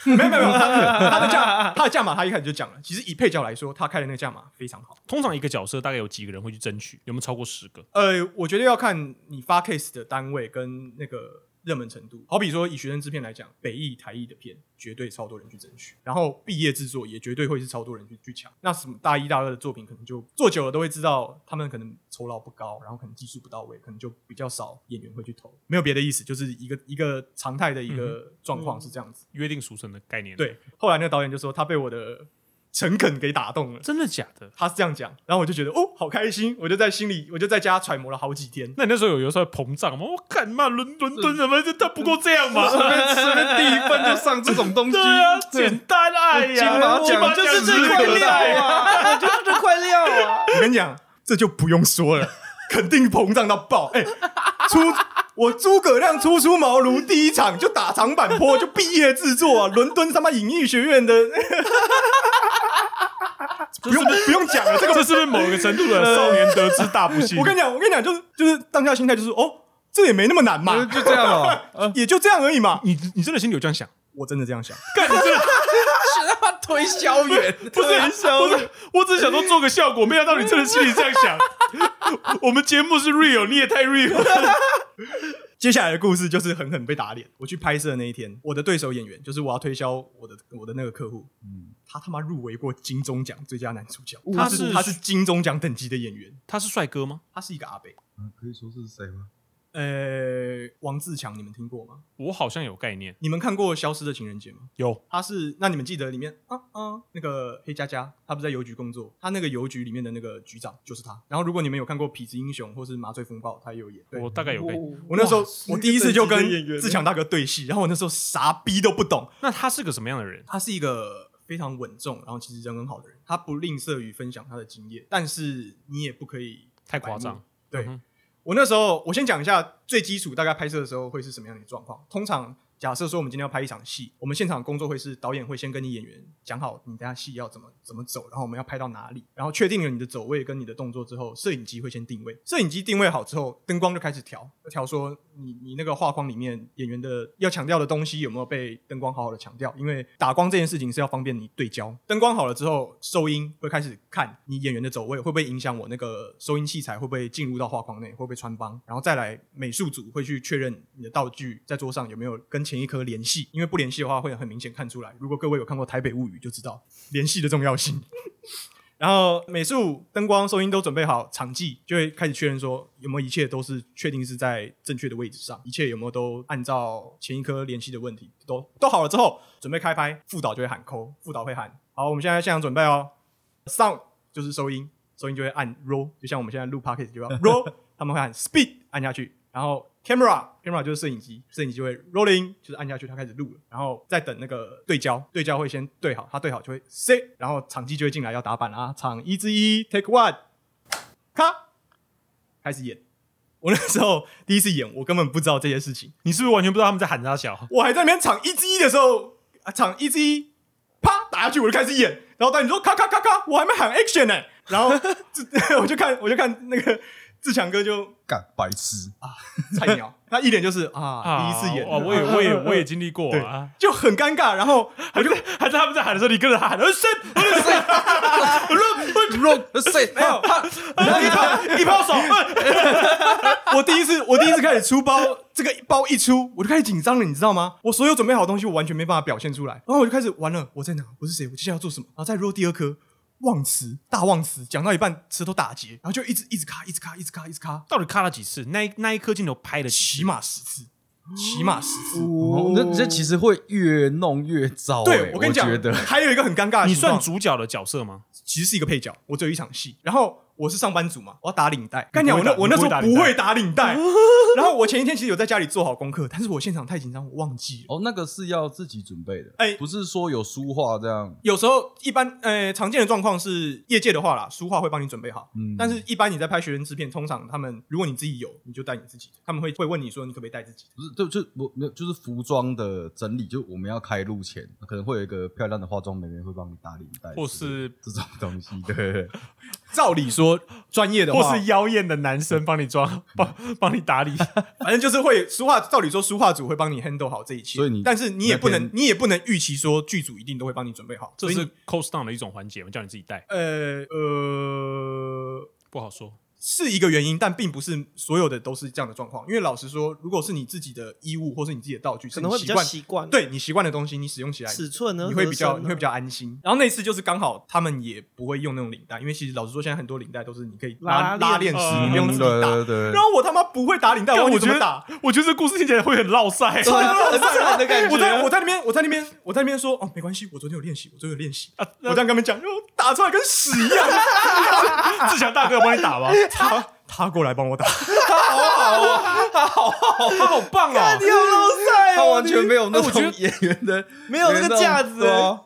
沒有沒有沒有，他的價他的價碼他一開始就講了，其實以配角來說，他開的那個價碼非常好。通常一個角色大概有幾個人會去爭取？有沒有超過十個？呃，我覺得要看你發 case 的單位跟那個。熱門程度，好比說以學生制片來講，北藝、台藝的片絕對超多人去爭取，然後畢業制作也絕對會是超多人去去搶。那什麼大一、大二的作品，可能就做久了都會知道，他們可能酬勞不高，然後可能技術不到位，可能就比較少演員會去投。沒有別的意思，就是一個一個常態的一個狀況是這樣子。嗯嗯、約定俗成的概念。對，後來那個導演就說他被我的。誠懇給打動了，真的假的？他是這樣講，然後我就覺得哦，好開心，我就在心裡，我就在家揣摩了好幾天。那你那時候有有時候膨脹嗎？我看你媽倫倫敦什麼？就他不過這樣嘛，隨便吃，隨第一頓就上這種東西，對啊，簡單哎呀，講嘛就是這塊料啊，就是這塊料啊。我跟你講，這就不用說了，肯定膨脹到爆哎，出。我諸葛亮初出茅廬第一場就打長坂坡，就畢業製作啊， 倫敦他媽影藝學院的 不，不用不用講了，這個這是不是某個程度的少年得志大不幸？ 我跟你講，我跟你講，就是就是當下心態就是哦，這也沒那麼難嘛，就這樣了，也就這樣而已嘛。嗯、你你真的心裡有這樣想？我真的這樣想？幹 你這！ 他 推銷員 不，不是很想， 我只想說做個效果，沒想到你真的心裡這樣想。 我們節目是 real，你也太 real 了。 接下來的故事就是狠狠被打臉。我去拍攝的那一天，我的對手演員就是我要推銷我的我的那個客戶，嗯、他他媽入圍過金鐘獎最佳男主角，他是他是金鐘獎等級的演員，他是帥哥嗎？他是一個阿北、嗯，可以說是誰嗎？呃，王自強，你們聽過嗎？我好像有概念。你們看過《消失的情人節》嗎？有，他是那你們記得裡面啊啊那個黑佳佳，他不是在郵局工作，他那個郵局裡面的那個局長就是他。然後如果你們有看過《痞子英雄》或是《麻醉風暴》，他也有演。對我大概有被我,我那時候哇我第一次就跟自強大哥對戲，然後我那時候啥逼都不懂。那他是個什麼樣的人？他是一個非常穩重，然後其實人很好的人。他不吝嗇於分享他的經驗，但是你也不可以太誇張。對。嗯我那時候，我先講一下最基礎，大概拍攝的時候會是什麼樣的狀況。通常。假設說我們今天要拍一場戲，我們現場工作會是導演會先跟你演員講好，你等下戲要怎麼怎麼走，然後我們要拍到哪裡，然後確定了你的走位跟你的動作之後，攝影機會先定位，攝影機定位好之後，燈光就開始調，調說你你那個畫框裡面演員的要強調的東西有沒有被燈光好好的強調，因為打光這件事情是要方便你對焦，燈光好了之後，收音會開始看你演員的走位會不會影響我那個收音器材會不會進入到畫框內，會不會穿幫，然後再來美術組會去確認你的道具在桌上有沒有跟。前一顆連戲，因為不連戲的話會很明顯看出來。如果各位有看過《台北物語》，就知道連戲的重要性。 然後美術、燈光、收音都準備好，場記就會開始確認說有沒有一切都是確定是在正確的位置上，一切有沒有都按照前一顆連戲的問題都都好了之後，準備開拍。副導就會喊“摳”，副導會喊“好，我們現在要現場準備哦”。Sound 就是收音，收音就會按 Roll，就像我們現在錄 Podcast 就要 Roll， 他們會喊 Speed 按下去，然後。camera camera 就是攝影機，攝影機就會 rolling，就是按下去它開始錄了，然後再等那個對焦，對焦會先對好，它對好就會 set，然後場記就會進來要打板啊，場一之一 take one，咖，開始演。我那時候第一次演，我根本不知道這些事情，你是不是完全不知道他們在喊啥小？我還在那邊場一之一的時候，啊場一之一，啪打下去我就開始演，然後導演說，咔咔咔咔，我還沒喊 action 呢、欸，然後就我就看我就看，我就看那個。志強哥就幹白痴啊，菜鳥，那一點就是啊，第一次演，我也我也我也經歷過，就很尷尬。然後我就還在他們在喊的時候，你跟着他喊，扔誰，扔誰，扔扔誰，沒呃一拋一拋手。我第一次，我第一次開始出包，這個包一出，我就開始緊張了，你知道嗎？我所有準備好東西，我完全沒辦法表現出來。然後我就開始完了，我在哪？我是誰？我接下來要做什麼？然後再入第二顆。忘詞，大忘詞，講到一半詞都打結，然後就一直一直卡，一直卡，一直卡，一直卡，到底卡了幾次？那一那一顆鏡頭拍了幾次？起碼十次，起碼十次。哦，那這其實會越弄越糟欸。對，我跟你講，還有一個很尷尬的。的。你算主角的角色嗎？其實是一個配角，我只有一場戲，然後。我是上班族嘛，我要打領帶。跟你講，我那我那時候不會打領帶，領 然後我前一天其實有在家裡做好功課，但是我現場太緊張，我忘記了。哦，那個是要自己準備的。哎、欸，不是說有書畫這樣。有時候一般呃常見的狀況是，業界的話啦，書畫會幫你準備好。嗯，但是一般你在拍學生製片，通常他們如果你自己有，你就帶你自己。他們會會問你說，你可不可以帶自己？不是，就就是、我沒有，就是服裝的整理，就是、我們要開錄前，可能會有一個漂亮的化妝美眉會幫你打領帶，或是這種東西。對。 照理說，專業的話或是妖艷的男生幫你裝、嗯、幫幫你打理， 反正就是會。梳化照理說，梳化組會幫你 handle 好這一切。所以你但是你也不能，你，你也不能預期說劇組一定都會幫你準備好。這是以 cost down 的一種環節，我叫你自己帶。呃呃，呃不好說。是一個原因，但並不是所有的都是這樣的狀況。因為老實說，如果是你自己的衣物或是你自己的道具，可能會比較習慣。對你習慣的東西，你使用起來尺寸呢？你會比較你會比較安心。然後那次就是剛好他們也不會用那種領帶，因為其實老實說，現在很多領帶都是你可以拉拉鏈式，不用那個打。對對對。然後我他媽不會打領帶，我覺得打，我覺得這故事聽起來會很烙賽，烙賽的感覺。我在我在那邊我在那邊我在那邊說哦，沒關係，我昨天有練習，我昨天有練習啊，我這樣跟他們講，就打出來跟屎一樣。志強大哥，我幫你打吧。他他過來幫我打，他好好啊，他好好好，好棒啊！帥哦，他完全沒有那種演員的，沒有那個架子，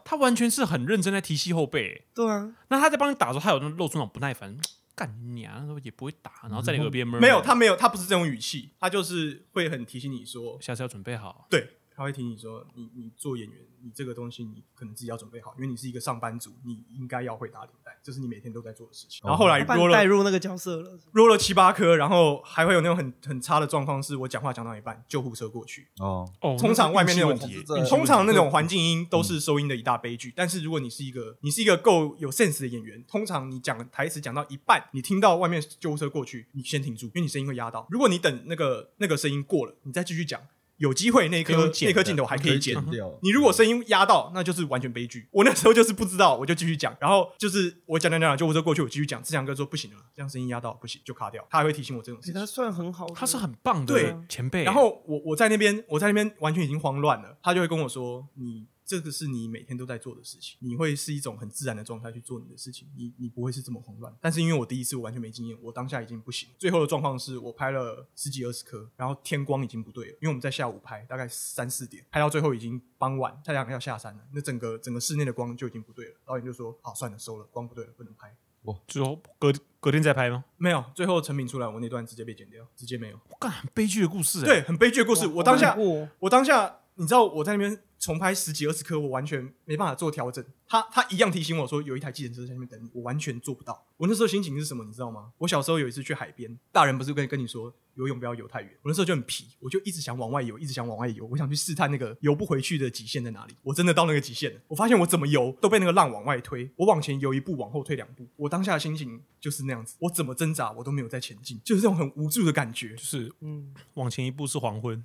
他完全是很認真在提攜後輩。對啊，那他在幫你打的時候，他有露出那種不耐煩，幹你娘，也不會打，然後在你耳邊悶。沒有，他沒有，他不是這種語氣，他就是會很提醒你說，下次要準備好。對。他會聽你說，你你做演員，你這個東西你可能自己要準備好，因為你是一個上班族，你應該要會打領帶，這、就是你每天都在做的事情。然後後來，了，oh, okay. 帶入那個角色了，入了七八顆，然後還會有那種很很差的狀況，是我講話講到一半，救護車過去哦。Oh, 通常外面那種問題，你通常那種環境音都是收音的一大悲劇。嗯、但是如果你是一個你是一個夠有 sense 的演員，通常你講台詞講到一半，你聽到外面救護車過去，你先停住，因為你聲音會壓到。如果你等那個那個聲音過了，你再繼續講。有機會那顆那顆鏡頭還可以剪，可以剪掉。你如果聲音壓到，那就是完全悲劇，嗯哼。我那時候就是不知道， 我就繼續講，然後就是我講講講講，就我就過去，我繼續講。志強哥說不行了，這樣聲音壓到不行，就卡掉。他還會提醒我這種事情，欸、他算很好，他是很棒的，啊，對前輩。然後我我在那邊，我在那邊完全已經慌亂了，他就會跟我說你。嗯這個是你每天都在做的事情，你會是一種很自然的狀態去做你的事情，你你不會是這麼慌亂。但是因為我第一次，我完全沒經驗，我當下已經不行。最後的狀況是我拍了十幾二十顆，然後天光已經不對了，因為我們在下午拍，大概三四點，拍到最後已經傍晚，太陽要下山了，那整個整個室內的光就已經不對了。導演就說：“好、啊，算了，收了，光不對了，不能拍。哦”我最後隔隔天再拍嗎？沒有，最後成品出來，我那段直接被剪掉，直接沒有。哦、幹很悲劇的故事、欸，對，很悲劇的故事。哇我當下我,、哦、我當下，你知道我在那邊。重拍十幾二十顆，我完全沒辦法做調整。他他一樣提醒我說，有一台計程車在下面等你，我完全做不到。我那時候心情是什麼，你知道嗎？我小時候有一次去海邊，大人不是跟你跟你說游泳不要游太遠，我那時候就很皮，我就一直想往外游，一直想往外游，我想去試探那個游不回去的極限在哪裡。我真的到那個極限了，我發現我怎麼游都被那個浪往外推，我往前游一步，往後退兩步。我當下的心情就是那樣子，我怎麼掙扎，我都沒有在前進，就是這種很無助的感覺。就是嗯，往前一步是黃昏。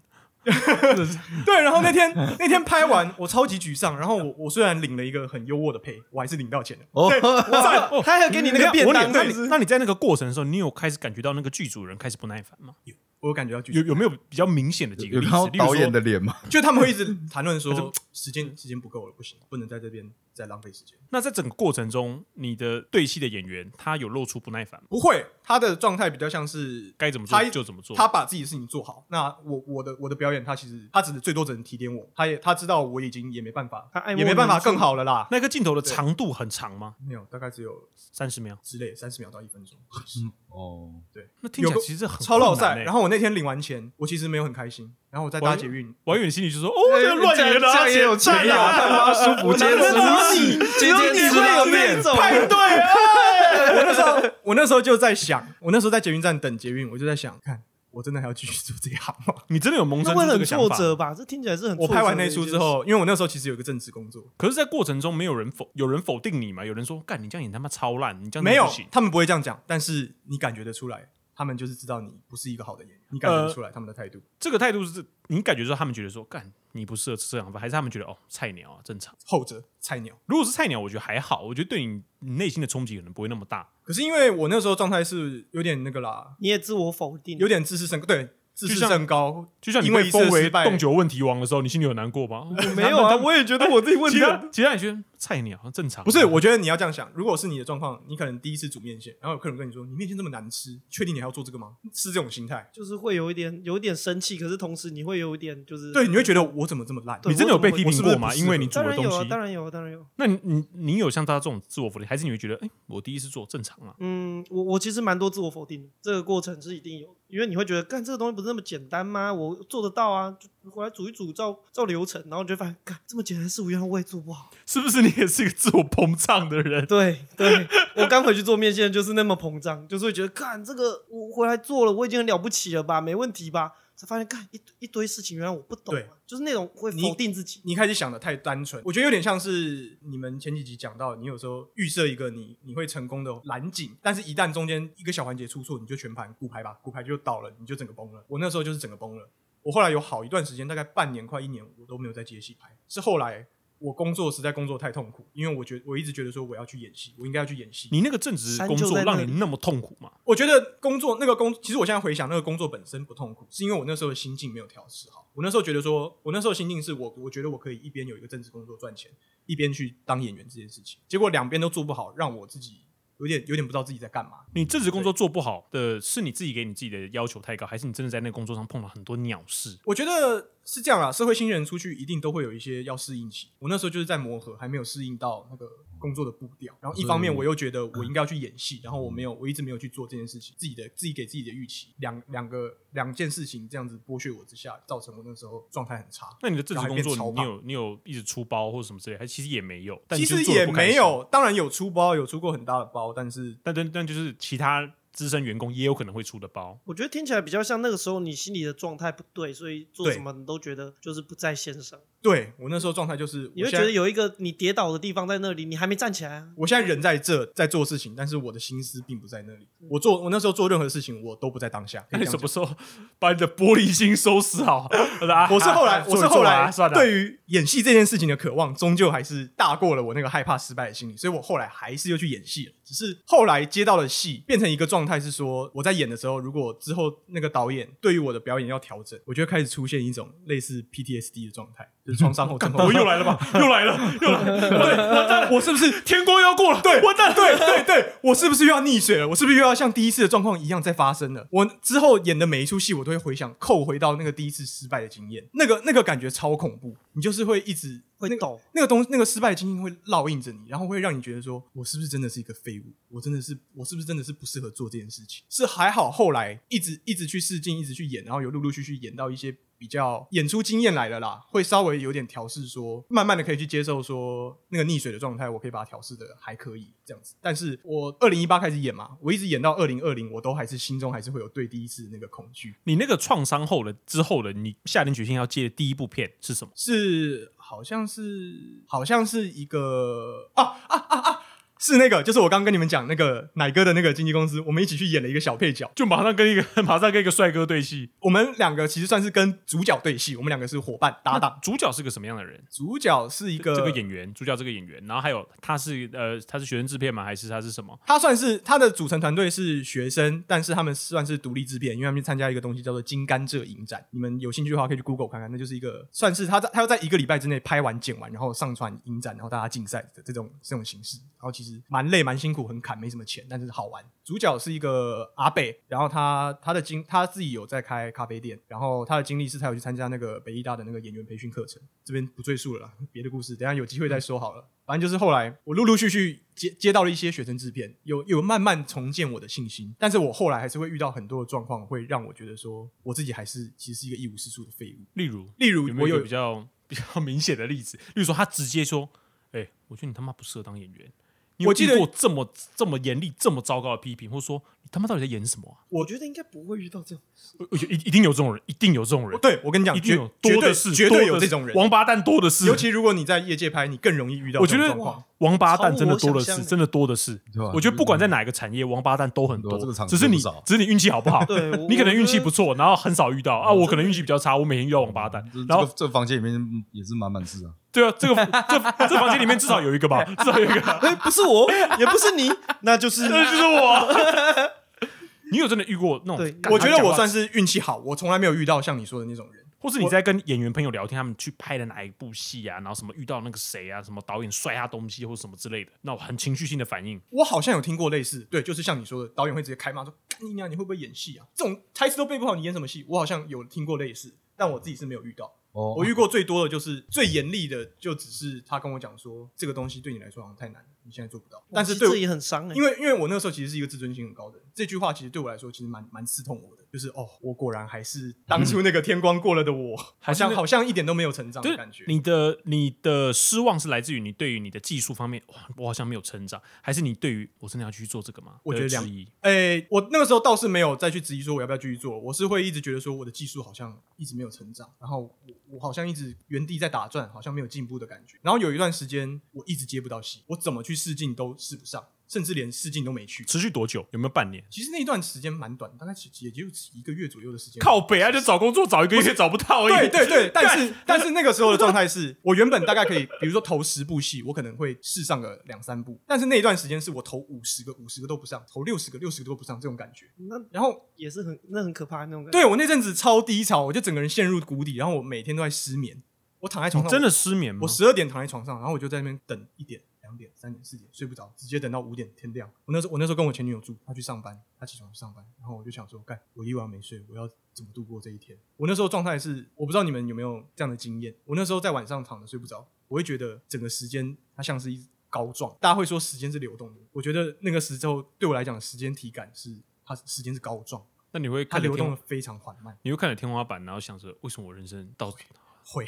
對，然後那天那天拍完，我超級沮喪。然後我我雖然領了一個很優渥的 pay，我還是領到錢的。哦，我操， 他還給你那個便當。那你在那個過程的時候，你有開始感覺到那個劇組人開始不耐煩嗎？有，我有感覺到劇。有，有沒有比較明顯的幾個例子？然後導演的臉嗎？臉嗎，就他們會一直談論說是時間時間不夠了，不行，不能在這邊。在浪費時間。那在整個過程中，你的對戲的演員他有露出不耐煩嗎？不會，他的狀態比較像是該怎麼做就怎麼做。他把自己的事情做好。那我我的我的表演，他其實他只最多只能提點我。他也他知道我已經也沒辦法，也沒辦法更好了啦。那個鏡頭的長度很長嗎？沒有，大概只有三十秒之類，三十秒到一分鐘。嗯哦，對，那聽起來其實很超老賽。然後我那天領完錢，我其實沒有很開心。然後我在搭捷運，我遠心裡就說哦，這樣也有錢啊，他媽舒服，是不是？只有你會有姐那一派對、啊。 我那時候，我那時候就在想，我那時候在捷運站等捷運，我就在想，看我真的還要繼續做這一行嗎？你真的有萌生這個想法吧？這聽起來是很……我拍完那一出之後，因為我那時候其實有一個正職工作，可是，在過程中沒有人否，有人否定你嘛？有人說，幹你這樣演他媽超爛，你這樣沒有，他們不會這樣講，但是你感覺得出來。他們就是知道你不是一個好的演員，你感覺出來他們的態度。呃，這個態度是你感覺說他們覺得說幹你不適合吃這樣飯，還是他們覺得哦菜鳥啊正常，後者菜鳥。如果是菜鳥，我覺得還好，我覺得對你內心的衝擊可能不會那麼大。可是因為我那時候狀態是有點那個啦，你也自我否定，有點自視甚高，對。就像高，就像你被封為“鳳九問題王”的時候，你心裡有難過嗎？哦、沒有啊，我也覺得我自己問題、欸。其他你覺得菜鳥正常、啊？不是，我覺得你要這樣想：如果是你的狀況，你可能第一次煮麵線，然後有客人跟你說：“你麵線這麼難吃，確定你還要做這個嗎？”是這種心態，就是會有一點有一點生氣，可是同時你會有一點就是對，你會覺得我怎麼這麼爛？麼你真的有被批評過嗎？是不是不因為你煮的東西當、啊當啊，當然有，當然有。那你你你有像他這種自我否定，還是你會覺得哎、欸，我第一次做正常啊？嗯，我我其實蠻多自我否定的，這個過程是一定有。因為你會覺得，幹這個東西不是那麼簡單嗎？我做得到啊，就回來煮一煮，照照流程，然後你就發現，幹這麼簡單的事物，原來我也做不好，是不是？你也是一個自我膨脹的人？ 對對，我剛回去做麵線就是那麼膨脹，就是會覺得，幹這個我回來做了，我已經很了不起了吧？沒問題吧？才發現，幹一堆一堆事情，原來我不懂，啊，對，就是那種會否定自己。你，你開始想得太單純。我覺得有點像是你們前幾集講到，你有時候預設一個你你會成功的藍景，但是一旦中間一個小環節出錯，你就全盤骨牌吧，骨牌就倒了，你就整個崩了。我那時候就是整個崩了，我後來有好一段時間，大概半年快一年，我都沒有再接戲拍，是後來。我工作實在工作太痛苦，因為我覺得我一直覺得說我要去演戲，我應該要去演戲。你那個正職工作讓你那麼痛苦嗎？苦嗎，我覺得工作那個工，其實我現在回想，那個工作本身不痛苦，是因為我那時候的心境沒有調適好。我那時候覺得說，我那時候心境是我，我覺得我可以一邊有一個正職工作賺錢，一邊去當演員這件事情，結果兩邊都做不好，讓我自己。有點，有點不知道自己在幹嘛。你這正職工作做不好的，對是你自己給你自己的要求太高，還是你真的在那個工作上碰到很多鳥事？我覺得是這樣啊，社會新人出去一定都會有一些要適應期。我那時候就是在磨合，還沒有適應到那個。工作的步調，然後一方面我又覺得我應該要去演戲，嗯、然後我沒有，我一直沒有去做這件事情，自己的自己給自己的預期，兩兩個兩件事情這樣子剝削我之下，造成我那時候狀態很差。那你的正常工作，你有你有一直出包或什麼之類的，其實也沒有。但是其實也沒有，當然有出包，有出過很大的包，但是但但但就是其他資深員工也有可能會出的包。我覺得聽起來比較像那個時候你心理的狀態不對，所以做什麼你都覺得就是不在線上。對我那時候狀態就是，你會覺得有一個你跌倒的地方在那裡，你還沒站起來啊！我現在人在這，在做事情，但是我的心思並不在那裡。嗯、我做我那時候做任何事情，我都不在當下。那你什麼時候把你的玻璃心收拾好？ 我是後來， 坐坐啊、我是後來，啊、算了、對於演戲這件事情的渴望，終究還是大過了我那個害怕失敗的心理，所以我後來還是又去演戲了。只是後來接到的戲變成一個狀態，是說我在演的時候，如果之後那個導演對於我的表演要調整，我就會開始出現一種類似 PTSD 的狀態。創傷後，我感我又來了吧？ 又來了，又來了。對，我在 我是不是天光要過了？對，完蛋 對，對對對，我是不是又要溺水了？我是不是又要像第一次的狀況一樣再發生了？我之後演的每一出戲，我都會回想，扣回到那個第一次失敗的經驗，那個那個感覺超恐怖。你就是會一直會抖，那個，那個東那個失敗的經驗會烙印着你，然後會讓你覺得說，我是不是真的是一個廢物？我真的是，我是不是真的是不適合做這件事情？是還好，後來一直一直去試鏡，一直去演，然後有陸陸續續去演到一些。比較演出經驗來了啦，會稍微有點調適，說慢慢的可以去接受說，那個溺水的狀態，我可以把它調適的還可以這樣子。但是我二零一八開始演嘛，我一直演到二零二零，我都還是心中還是會有對第一次那個恐懼。你那個創傷後的之後的，你下定決心要接的第一部片是什麼？是好像是好像是一個啊啊啊啊。啊啊啊是那個，就是我剛剛跟你們講那個奶哥的那個經紀公司，我們一起去演了一個小配角，就馬上跟一個馬上跟一個帥哥對戲。我們兩個其實算是跟主角對戲，我們兩個是夥伴搭檔。那打打主角是個什麼樣的人？主角是一個這個演員，主角這個演員，然後還有他是呃他是學生制片嗎？還是他是什麼？他算是他的組成團隊是學生，但是他們算是獨立制片，因為他們參加一個東西叫做金甘蔗影展。你們有興趣的話可以去 Google 看看，那就是一個算是他在他要在一個禮拜之內拍完剪完，然後上傳影展，然後大家競賽的這種這種形式。然後其實。蠻累蠻辛苦，很砍沒什麼錢，但是好玩。主角是一個阿北，然後他他的經他自己有在開咖啡店，然後他的經歷是他有去參加那個北藝大的那個演員培訓課程，這邊不贅述了啦，別的故事等下有機會再說好了。嗯、反正就是後來我陸陸續續，續接接到了一些學生制片，有有慢慢重建我的信心，但是我後來還是會遇到很多的狀況，會讓我覺得說我自己還是其實是一個一無是處的廢物。例如例如有有，有有比較比較明顯的例子？例如說他直接說：“哎、欸，我覺得你他媽不適合當演員。”你有經過這麼這麼嚴厲、這麼糟糕的批評，或者說你他媽到底在演什麼？我覺得應該不會遇到這種事。我一一定有這種人，一定有這種人。對，我跟你講，絕對、絕對有這種人，王八蛋多的是。尤其如果你在業界拍，你更容易遇到。我覺得王八蛋真的多的是，真的多的是。我覺得不管在哪一個產業，王八蛋都很多，只是你只是你運氣好不好？你可能運氣不錯，然後很少遇到啊。我可能運氣比較差，我每天遇到王八蛋。然後這房間裡面也是滿滿是啊。對啊，這個 這這房間裡面至少有一個吧， 至少有一個。哎、欸，不是我，也不是你， 那就是那就是我。 你有真的遇過那種？對，我覺得我算是運氣好， 我從來沒有遇到像你說的那種人。或是你在跟演員朋友聊天，他們去拍的哪一部戲啊？然後什麼遇到那個誰啊？什麼導演摔他東西或什麼之類的，那種很情緒性的反應。我好像有聽過類似，對，就是像你說的，導演會直接開罵說：“幹你娘，你會不會演戲啊？這種台詞都背不好，你演什麼戲？”我好像有聽過類似，但我自己是沒有遇到。嗯 Oh. 我遇過最多的就是最嚴厲的，就只是他跟我講說，這個東西對你來說好像太難，你現在做不到。我欸、但是對，自己很傷，因為因為我那個時候其實是一個自尊心很高的，這句話其實對我來說其實蠻蠻刺痛我的。就是哦，我果然還是當初那個天光過了的我，嗯、好像好像一點都沒有成長的感覺。你的你的失望是來自於你對於你的技術方面，哇、哦，我好像沒有成長，還是你對於我真的要繼續做這個嗎？我覺得質疑。誒、欸，我那個時候倒是沒有再去質疑說我要不要繼續做，我是會一直覺得說我的技術好像一直沒有成長，然後我，我好像一直原地在打轉，好像沒有進步的感覺。然後有一段時間我一直接不到戲，我怎麼去試鏡都試不上。甚至連試鏡都沒去，持續多久？有沒有半年？其實那一段時間蠻短，大概其也就一個月左右的時間。靠北啊，就找工作是是找一個月找不到而已。對對對， 但是幹 但是那個時候的狀態是， 我原本大概可以，比如說投十部戲，我可能會試上個兩三部。但是那一段時間是我投五十個，五十個都不上；投六十個，六十個都不上，這種感覺。那然後也是很，那很可怕的那種感覺。對，我那陣子超低潮，我就整個人陷入谷底，然後我每天都在失眠。我躺在床上，真的失眠嗎？我十二點躺在床上，然後我就在那邊等一點。兩點、三點、四點睡不着，直接等到五點天亮。我那時候，我那時候跟我前女友住，她去上班，她起床去上班，然後我就想說，幹，我一晚沒睡，我要怎麼度過這一天？我那時候狀態是，我不知道你們有沒有這樣的經驗。我那時候在晚上躺着睡不着，我會覺得整個時間它像是一膏狀。大家會說時間是流動的，我覺得那個時候對我來講，時間體感是它時間是膏狀。那你會看它流動的非常緩慢。你會看着天花板，然後想着為什麼我人生到底會。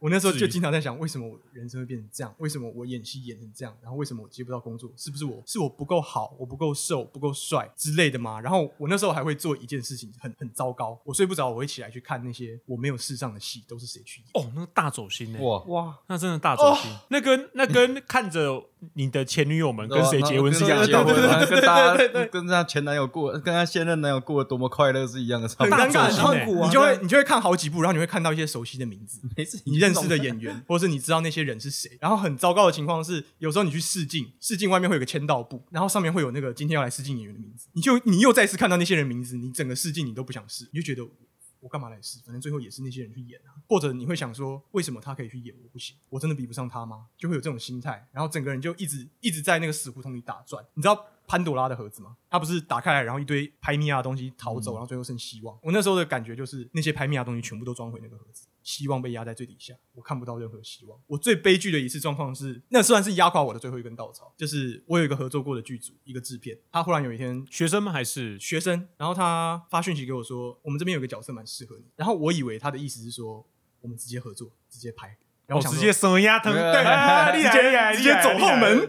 我那時候就經常在想，為什麼我人生會變成這樣？為什麼我演戲演成這樣？然後為什麼我接不到工作？是不是我是我不夠好，我不夠瘦，不夠帥之類的嗎？然後我那時候還會做一件事情很，很很糟糕。我睡不着，我會起來去看那些我沒有試上的戲，都是誰去演？哦、喔，那個大走心呢？哇哇，那真的大走心、哦那。那跟那跟看着你的前女友們跟誰結婚是一樣的，對對對跟她前男友過，跟她現任男友過多麼快樂是一樣的。很尷尬，痛苦啊！你就會你就會看好幾部，然後你會看到一些熟悉的名字。沒事，你在。認識的演員，或者是你知道那些人是誰。然後很糟糕的情況是，有時候你去試鏡，試鏡外面會有個簽到簿，然後上面會有那個今天要來試鏡演員的名字。你就你又再次看到那些人名字，你整個試鏡你都不想試，你就覺得我幹嘛來試？反正最後也是那些人去演啊。或者你會想說，為什麼他可以去演，我不行，我真的比不上他嗎？就會有這種心態，然後整個人就一直一直在那個死胡同裡打轉。你知道潘朵拉的盒子嗎？它不是打開來，然後一堆拍米亞的東西逃走，然後最後剩希望。嗯、我那時候的感覺就是，那些拍米亞的東西全部都裝回那個盒子，希望被壓在最底下，我看不到任何希望。我最悲劇的一次狀況是，那雖然是壓垮我的最後一根稻草，就是我有一個合作過的劇組，一個制片，他忽然有一天，學生們還是學生？然後他發訊息給我說，我們這邊有一個角色蠻適合你。然後我以為他的意思是說，我們直接合作，直接拍。然後直接收壓疼，對啊，厲害厲害，直接走後門，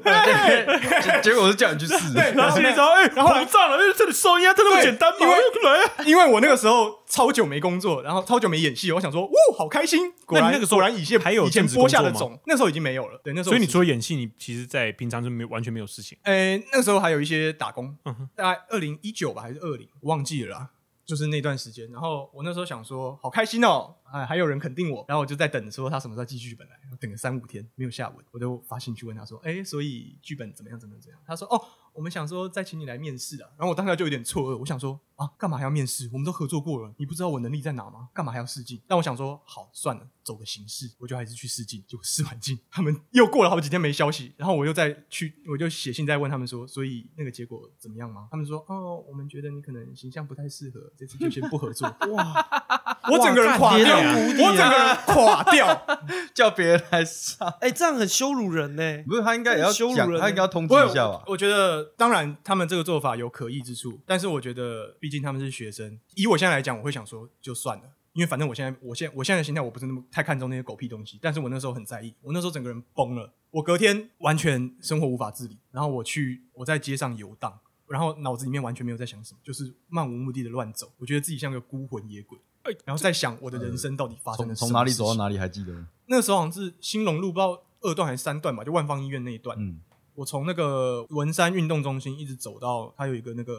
結果我是叫你去死。然後那時候，哎，然後膨脹了，這個收壓真那麼簡單嗎？因為因為我那個時候超久沒工作，然後超久沒演戲。我想說，哇，好開心！果然，果然，以前還有播下的種，那時候已經沒有了。對，那時候所以，你除了演戲，你其實，在平常是沒完全沒有事情。誒，那時候還有一些打工，大概二零一九吧，還是二零，我忘記了啦，就是那段時間，然後我那時候想說，好開心哦。哎，還有人肯定我，然後我就在等，說他什麼時候寄劇本來，等個三五天沒有下文，我就發信去問他說，哎、欸，所以劇本怎麼樣，怎麼樣，怎麼樣？他說，哦，我們想說再請你來面試啊。然後我當時就有點錯愕，我想說，啊，幹嘛還要面試？我們都合作過了，你不知道我能力在哪嗎？幹嘛還要試鏡？但我想說，好算了，走個形式，我就還是去試鏡，就試完鏡，他們又過了好幾天沒消息，然後我又再去，我就寫信再問他們說，所以那個結果怎麼樣嗎？他們說，哦，我們覺得你可能形象不太適合，這次就先不合作。 哇。啊、我整個人垮掉，啊、我整個人垮掉， 叫別人來殺，哎、欸，這樣很羞辱人呢，欸。不是他應該也要羞辱人講，他應該要通知一下吧我我？我覺得，當然，他們這個做法有可議之處，但是我覺得，畢竟他們是學生。以我現在來講，我會想說，就算了，因為反正我現在，我現，我現在的心態，我不是那麼太看重那些狗屁東西。但是我那時候很在意，我那時候整個人崩了，我隔天完全生活無法自理，然後我去，我在街上遊蕩，然後腦子裡面完全沒有在想什麼，就是漫無目的的亂走，我覺得自己像個孤魂野鬼。哎、欸，然後在想我的人生到底發生了什麼？從、呃、哪裡走到哪裡還記得呢？那個時候好像是興隆路，不知道二段還是三段吧，就萬方醫院那一段。嗯，我從那個文山運動中心一直走到，它有一個那個。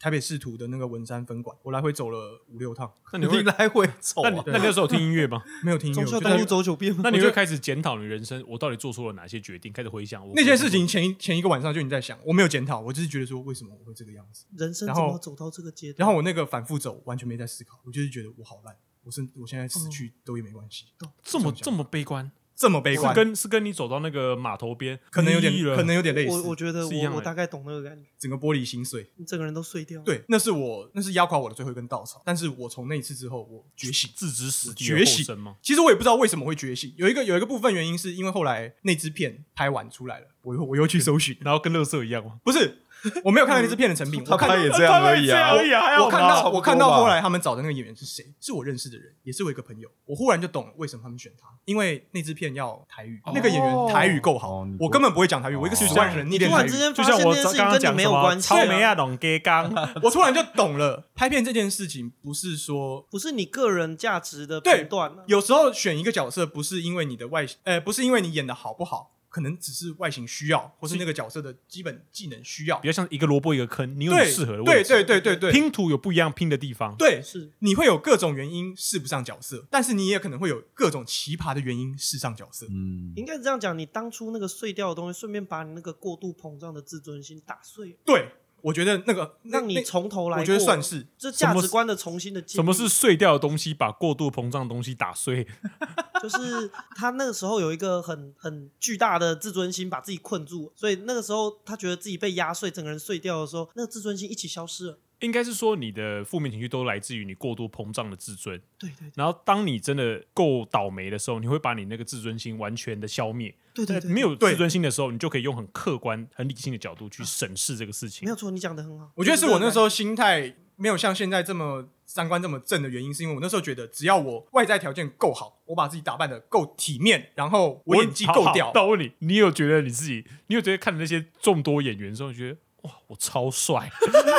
台北市圖的那個文山分館，我來回走了五六趟，那你， 你來回走啊？那你那時候有聽音樂嗎？ 沒有聽音樂，單我就走，那你會開始檢討你人生，我到底做錯了哪些決定？開始回想，那些事情前一前一個晚上就你在想，我沒有檢討，我就是覺得說，為什麼我會這個樣子？人生怎麼走到這個階段？然後我那個反復走，完全沒在思考，我就是覺得我好爛，我生我現在死去都也沒關係，哦、這，這麼這麼悲觀。這麼悲觀，是跟是跟你走到那個碼頭邊，可能有點可能有點類似。我我覺得我我大概懂那個感覺，整個玻璃心碎，你整個人都碎掉了。對，那是我那是壓垮我的最後一根稻草。但是我從那一次之後，我覺醒，置之死地，覺醒，其實我也不知道為什麼會覺醒。有一個有一個部分原因是因為後來那支片拍完出來了，我我又去搜尋，嗯，然後跟樂色一樣嗎？不是。我沒有看到那支片的成品，他拍也這樣而已啊！我看到我看到後來他們找的那個演員是誰？是我認識的人，也是我一個朋友。我忽然就懂了為什麼他們選他，因為那支片要台語，那個演員台語夠好。我根本不會講台語，我一個四川人，你突然之間發現這件事情跟你沒有關係，超沒亞懂給剛。我突然就懂了，拍片這件事情不是說，不是你個人價值的判斷，有時候選一個角色不是因為你的外形，呃，不是因為你演的好不好。可能只是外形需要，或是那個角色的基本技能需要，是比較像一個蘿蔔一個坑，你有適合的位置對。對對對對對，拼圖有不一樣拼的地方。對，是，你會有各種原因試不上角色，但是你也可能會有各種奇葩的原因試上角色。嗯，應該是這樣講，你當初那個碎掉的東西，順便把你那個過度膨脹的自尊心打碎。對。我覺得那個讓你從頭來過，我覺得算是這價值觀的重新的建立。什麼是碎掉的東西？把過度膨脹的東西打碎， 就是他那個時候有一個很很巨大的自尊心，把自己困住，所以那個時候他覺得自己被壓碎，整個人碎掉的時候，那個自尊心一起消失了。應該是說，你的負面情緒都來自於你過度膨脹的自尊。對，對對。然後，當你真的夠倒霉的時候，你會把你那個自尊心完全的消滅。對，對對對。沒有自尊心的時候，對你就可以用很客觀、很理性的角度去審視這個事情。啊、沒有錯，你講得很好。我覺得是我那時候心態沒有像現在這麼三觀這麼正的原因，是因為我那時候覺得，只要我外在條件夠好，我把自己打扮得夠體面，然後我演技夠屌。我，好好但我問你，你有覺得你自己？你有覺得看那些眾多演員的時候，你覺得？哇，我超帥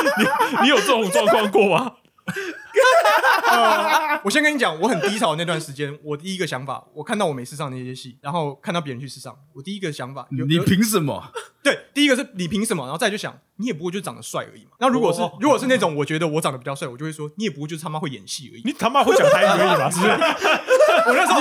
你有這種狀況過嗎？ uh, 我先跟你講，我很低潮那段時間，我第一個想法，我看到我沒試上那些戲，然後看到別人去試上，我第一個想法，你憑什麼？對，第一個是你憑什麼？然後再就想，你也不過就長得帥而已嘛。那如果是、oh, 如果是那種，我覺得我長得比較帥， 我就會說，你也不過就是他媽會演戲而已，你他媽會講台語而已嘛， 是嗎？ 我那時候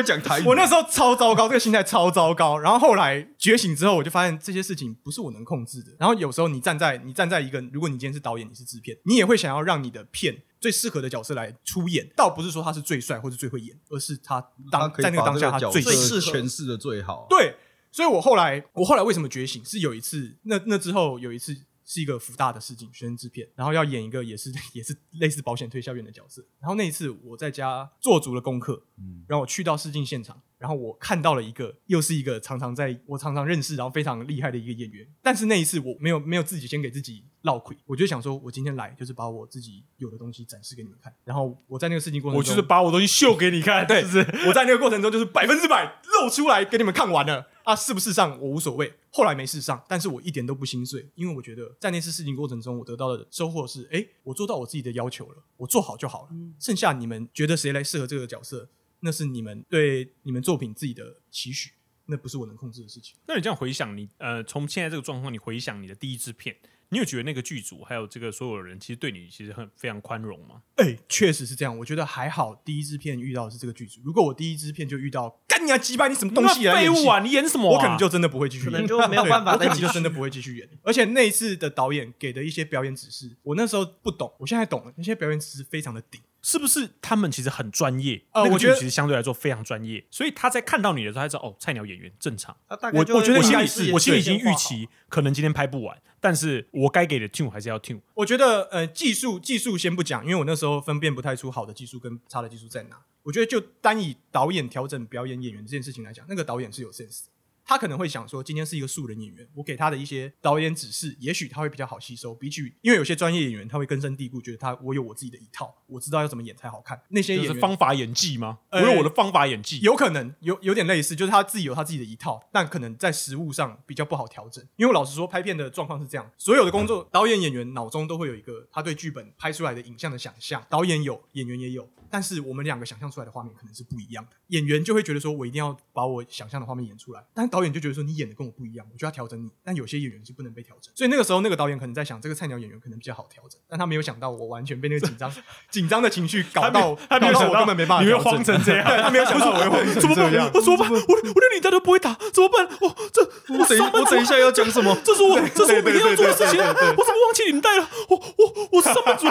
講台語，啊、我那時候超糟糕， 這個心態超糟糕。然後後來覺醒之後，我就發現這些事情不是我能控制的。然後有時候你站在你站在一個，如果你今天是導演，你是制片，你也會想要讓你的片最適合的角色來出演。倒不是說他是最帥或者最會演，而是他當他在那個當下他最適合詮釋的最好。對，所以我後來我後來為什麼覺醒？是有一次，那那之後有一次。是一個福大的試鏡學生制片，然後要演一個也是也是類似保險推銷員的角色。然後那一次我在家做足了功課，嗯，然後我去到試鏡現場，然後我看到了一個又是一個常常在我常常認識，然後非常厲害的一個演員。但是那一次我沒有沒有自己先給自己漏氣，我就想說，我今天來就是把我自己有的東西展示給你們看。然後我在那個試鏡過程中，我就是把我的東西秀給你看， 對，是不是？我在那個過程中就是百分之百露出來給你們看完了。啊，試不試上我無所謂，後來沒試上，但是我一點都不心碎，因為我覺得在那次試鏡過程中，我得到的收穫是，誒、欸，我做到我自己的要求了，我做好就好了。嗯、剩下你們覺得誰來適合這個角色，那是你們對你們作品自己的期許，那不是我能控制的事情。那你這樣回想你，你呃，從現在這個狀況，你回想你的第一支片。你有覺得那個劇組還有這個所有人，其實對你其實很非常寬容嗎？哎、欸，確實是這樣。我覺得還好，第一支片遇到的是這個劇組。如果我第一支片就遇到幹你娘雞巴你什麼東西啊廢物啊，你演什麼，啊我演，我可能就真的不會繼續，可能就沒有辦法，可能就真的不會繼續演。 而且那一次的導演給的一些表演指示，我那時候不懂，我現在懂了。那些表演指示非常的頂。是不是他們其實很專業？那個劇組其實相對來說非常專業，所以他在看到你的時候，他知道哦，菜鳥演員正常。啊、大概我我覺得應該是，我心裡是，對我心裡已經預期，對預期可能今天拍不完，但是我該給的 tune 還是要 tune。我覺得呃，技術技術先不講，因為我那時候分辨不太出好的技術跟差的技術在哪。我覺得就單以導演調整表演演員這件事情來講，那個導演是有 sense 的。他可能會想說，今天是一個素人演員，我給他的一些導演指示，也許他會比較好吸收。比起因為有些專業演員，他會根深蒂固，覺得他我有我自己的一套，我知道要怎麼演才好看。那些演員是方法演技嗎？欸、我有我的方法演技，有可能有有點類似，就是他自己有他自己的一套，但可能在實物上比較不好調整。因為我老實說，拍片的狀況是這樣，所有的工作，導演、演員腦中都會有一個他對劇本拍出來的影像的想象，導演有，演員也有，但是我們兩個想象出來的畫面可能是不一樣的。演員就會覺得說，我一定要把我想象的畫面演出來，但。導演就覺得說，你演的跟我不一樣，我就要調整你。但有些演員是不能被調整，所以那個時候那個導演可能在想，這個菜鳥演員可能比較好調整。但他沒有想到，我完全被那個緊張緊張的情緒搞到，他沒有想到我根本沒辦法，你會慌成這樣，他沒有想到我怎麼會我怎麼辦？我我連領帶都不會打，怎麼辦？我這我等我等一下要講什麼？這是我這是我每天要做的事情，我怎麼忘記領帶了？我我我上班族，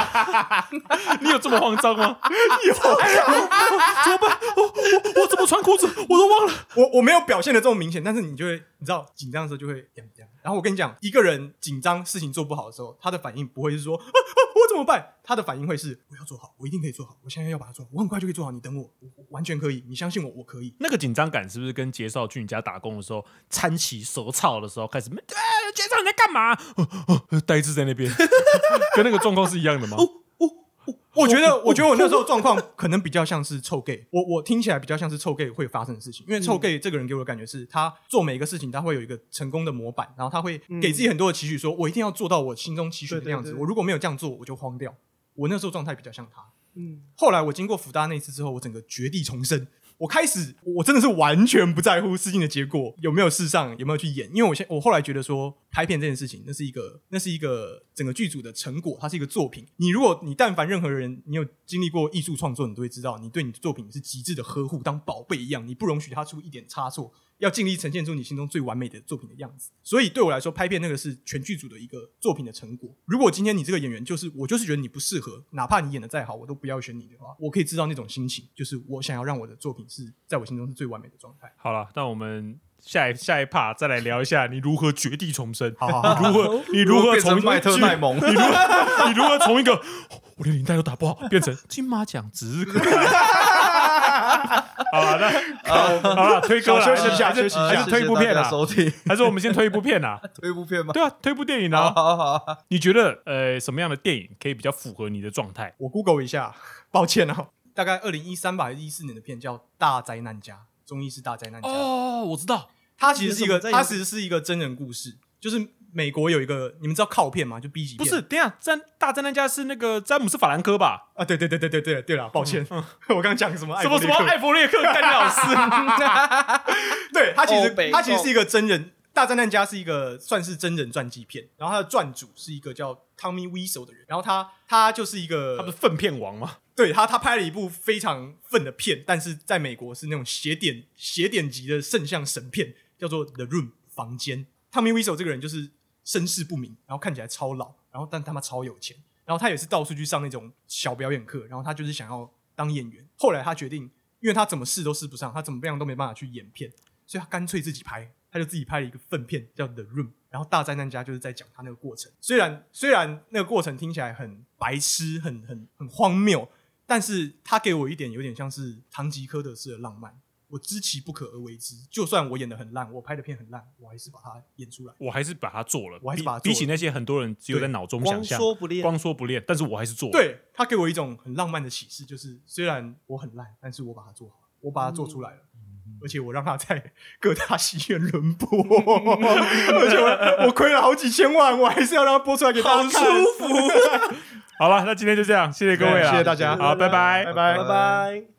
你有這麼慌張嗎？有，怎麼辦？我我我怎麼穿褲子？我都忘了。我我沒有表現的這麼明顯，但。但是你就會，你知道緊張的時候就會癢癢，然後我跟你講，一個人緊張事情做不好的時候，他的反應不會是說、啊啊，我怎麼辦？他的反應會是，我要做好，我一定可以做好，我現在要把它做好，我很快就可以做好，你等我，我我完全可以，你相信我，我可以。那個緊張感是不是跟杰少去你家打工的時候，攙起手抄的時候開始，啊、杰少你在幹嘛？呃呃呃、呆滯在那邊， 跟那個狀況是一樣的嗎？ 哦我,我覺得，我覺得我那時候狀況可能比較像是臭 gay。我我聽起來比較像是臭 gay 會發生的事情，因為臭 gay 這個人給我的感覺是他做每一個事情他會有一個成功的模板，然後他會給自己很多的期許，說我一定要做到我心中期許的樣子。我如果沒有這樣做，我就慌掉。我那時候狀態比較像他。嗯，後來我經過輔大那一次之後，我整個絕地重生。我開始，我真的是完全不在乎事情的結果，有沒有試上，有沒有去演，因為我現，我後來覺得說，拍片這件事情，那是一個，那是一個整個劇組的成果，它是一個作品。你如果你但凡任何人，你有經歷過藝術創作，你都會知道，你對你的作品是極致的呵護，當寶貝一樣，你不容許它出一點差錯。要盡力呈現出你心中最完美的作品的樣子，所以對我來說，拍片那個是全劇組的一個作品的成果。如果今天你這個演員就是我，就是覺得你不適合，哪怕你演得再好，我都不要選你的話，我可以知道那種心情。就是我想要讓我的作品是在我心中是最完美的狀態。好了，那我們下一下一趴再來聊一下你如何絕地重生，好好好，你如何你如何從賣特賣萌， 你如你如何從一個我連領帶都打不好，變成金馬獎指日可待。 好的、啊，啊、好、啊，好了，推歌休息一下，休息一下，啊、還是推一部片啊？謝謝 還是我們先推一部片啊？推一部片嗎？對啊，推一部電影啊。好好好，哦哦哦、你覺得呃什麼樣的電影可以比較符合你的狀態？我 Google 一下，抱歉啊、哦，大概二零一三吧，還是一四年的片叫《大災難家》，中醫是大災難家哦，我知道，它其實是一個，它其實是一個真人故事。就是美國有一個你們知道靠片嗎？就 B 級片不是？等下，真大災難家是那個詹姆斯法蘭科吧？啊，對對對對對對了，抱歉，嗯嗯、我剛剛講什麼艾？什麼什麼艾弗列克甘老師？ 對他其實、oh, 他其實是一個真人大災難家，是一個算是真人傳記片。然後他的傳主是一個叫 Tommy Wiseau 的人，然後他他就是一個他不是糞片王嗎？ 對他他拍了一部非常糞的片，但是在美國是那種邪典邪典級的聖像神片，叫做 The Room 房間。Tommy Wiseau 這個人就是身世不明，然後看起來超老，然後但他媽超有錢，然後他也是到處去上那種小表演課，然後他就是想要當演員。後來他決定，因為他怎麼試都試不上，他怎麼樣都沒辦法去演片，所以他乾脆自己拍，他就自己拍了一個糞片叫《The Room》，然後大災難家就是在講他那個過程。雖然雖然那個過程聽起來很白痴，很很很荒謬，但是他給我一點有點像是唐吉訶德式的浪漫。我知其不可而為之，就算我演得很爛，我拍的片很爛，我還是把它演出來，我還是把它做了，我還比起那些很多人只有在腦中想像光說不練，光說不練，但是我還是做了。對他給我一種很浪漫的啟示，就是雖然我很爛，但是我把它做好，我把它做出來了，而且我讓他在各大戲院輪播，而且我我虧了好幾千萬，我還是要讓他播出來給大家看。舒服。好了，那今天就這樣，謝謝各位，謝謝大家，好，拜，拜拜，拜拜。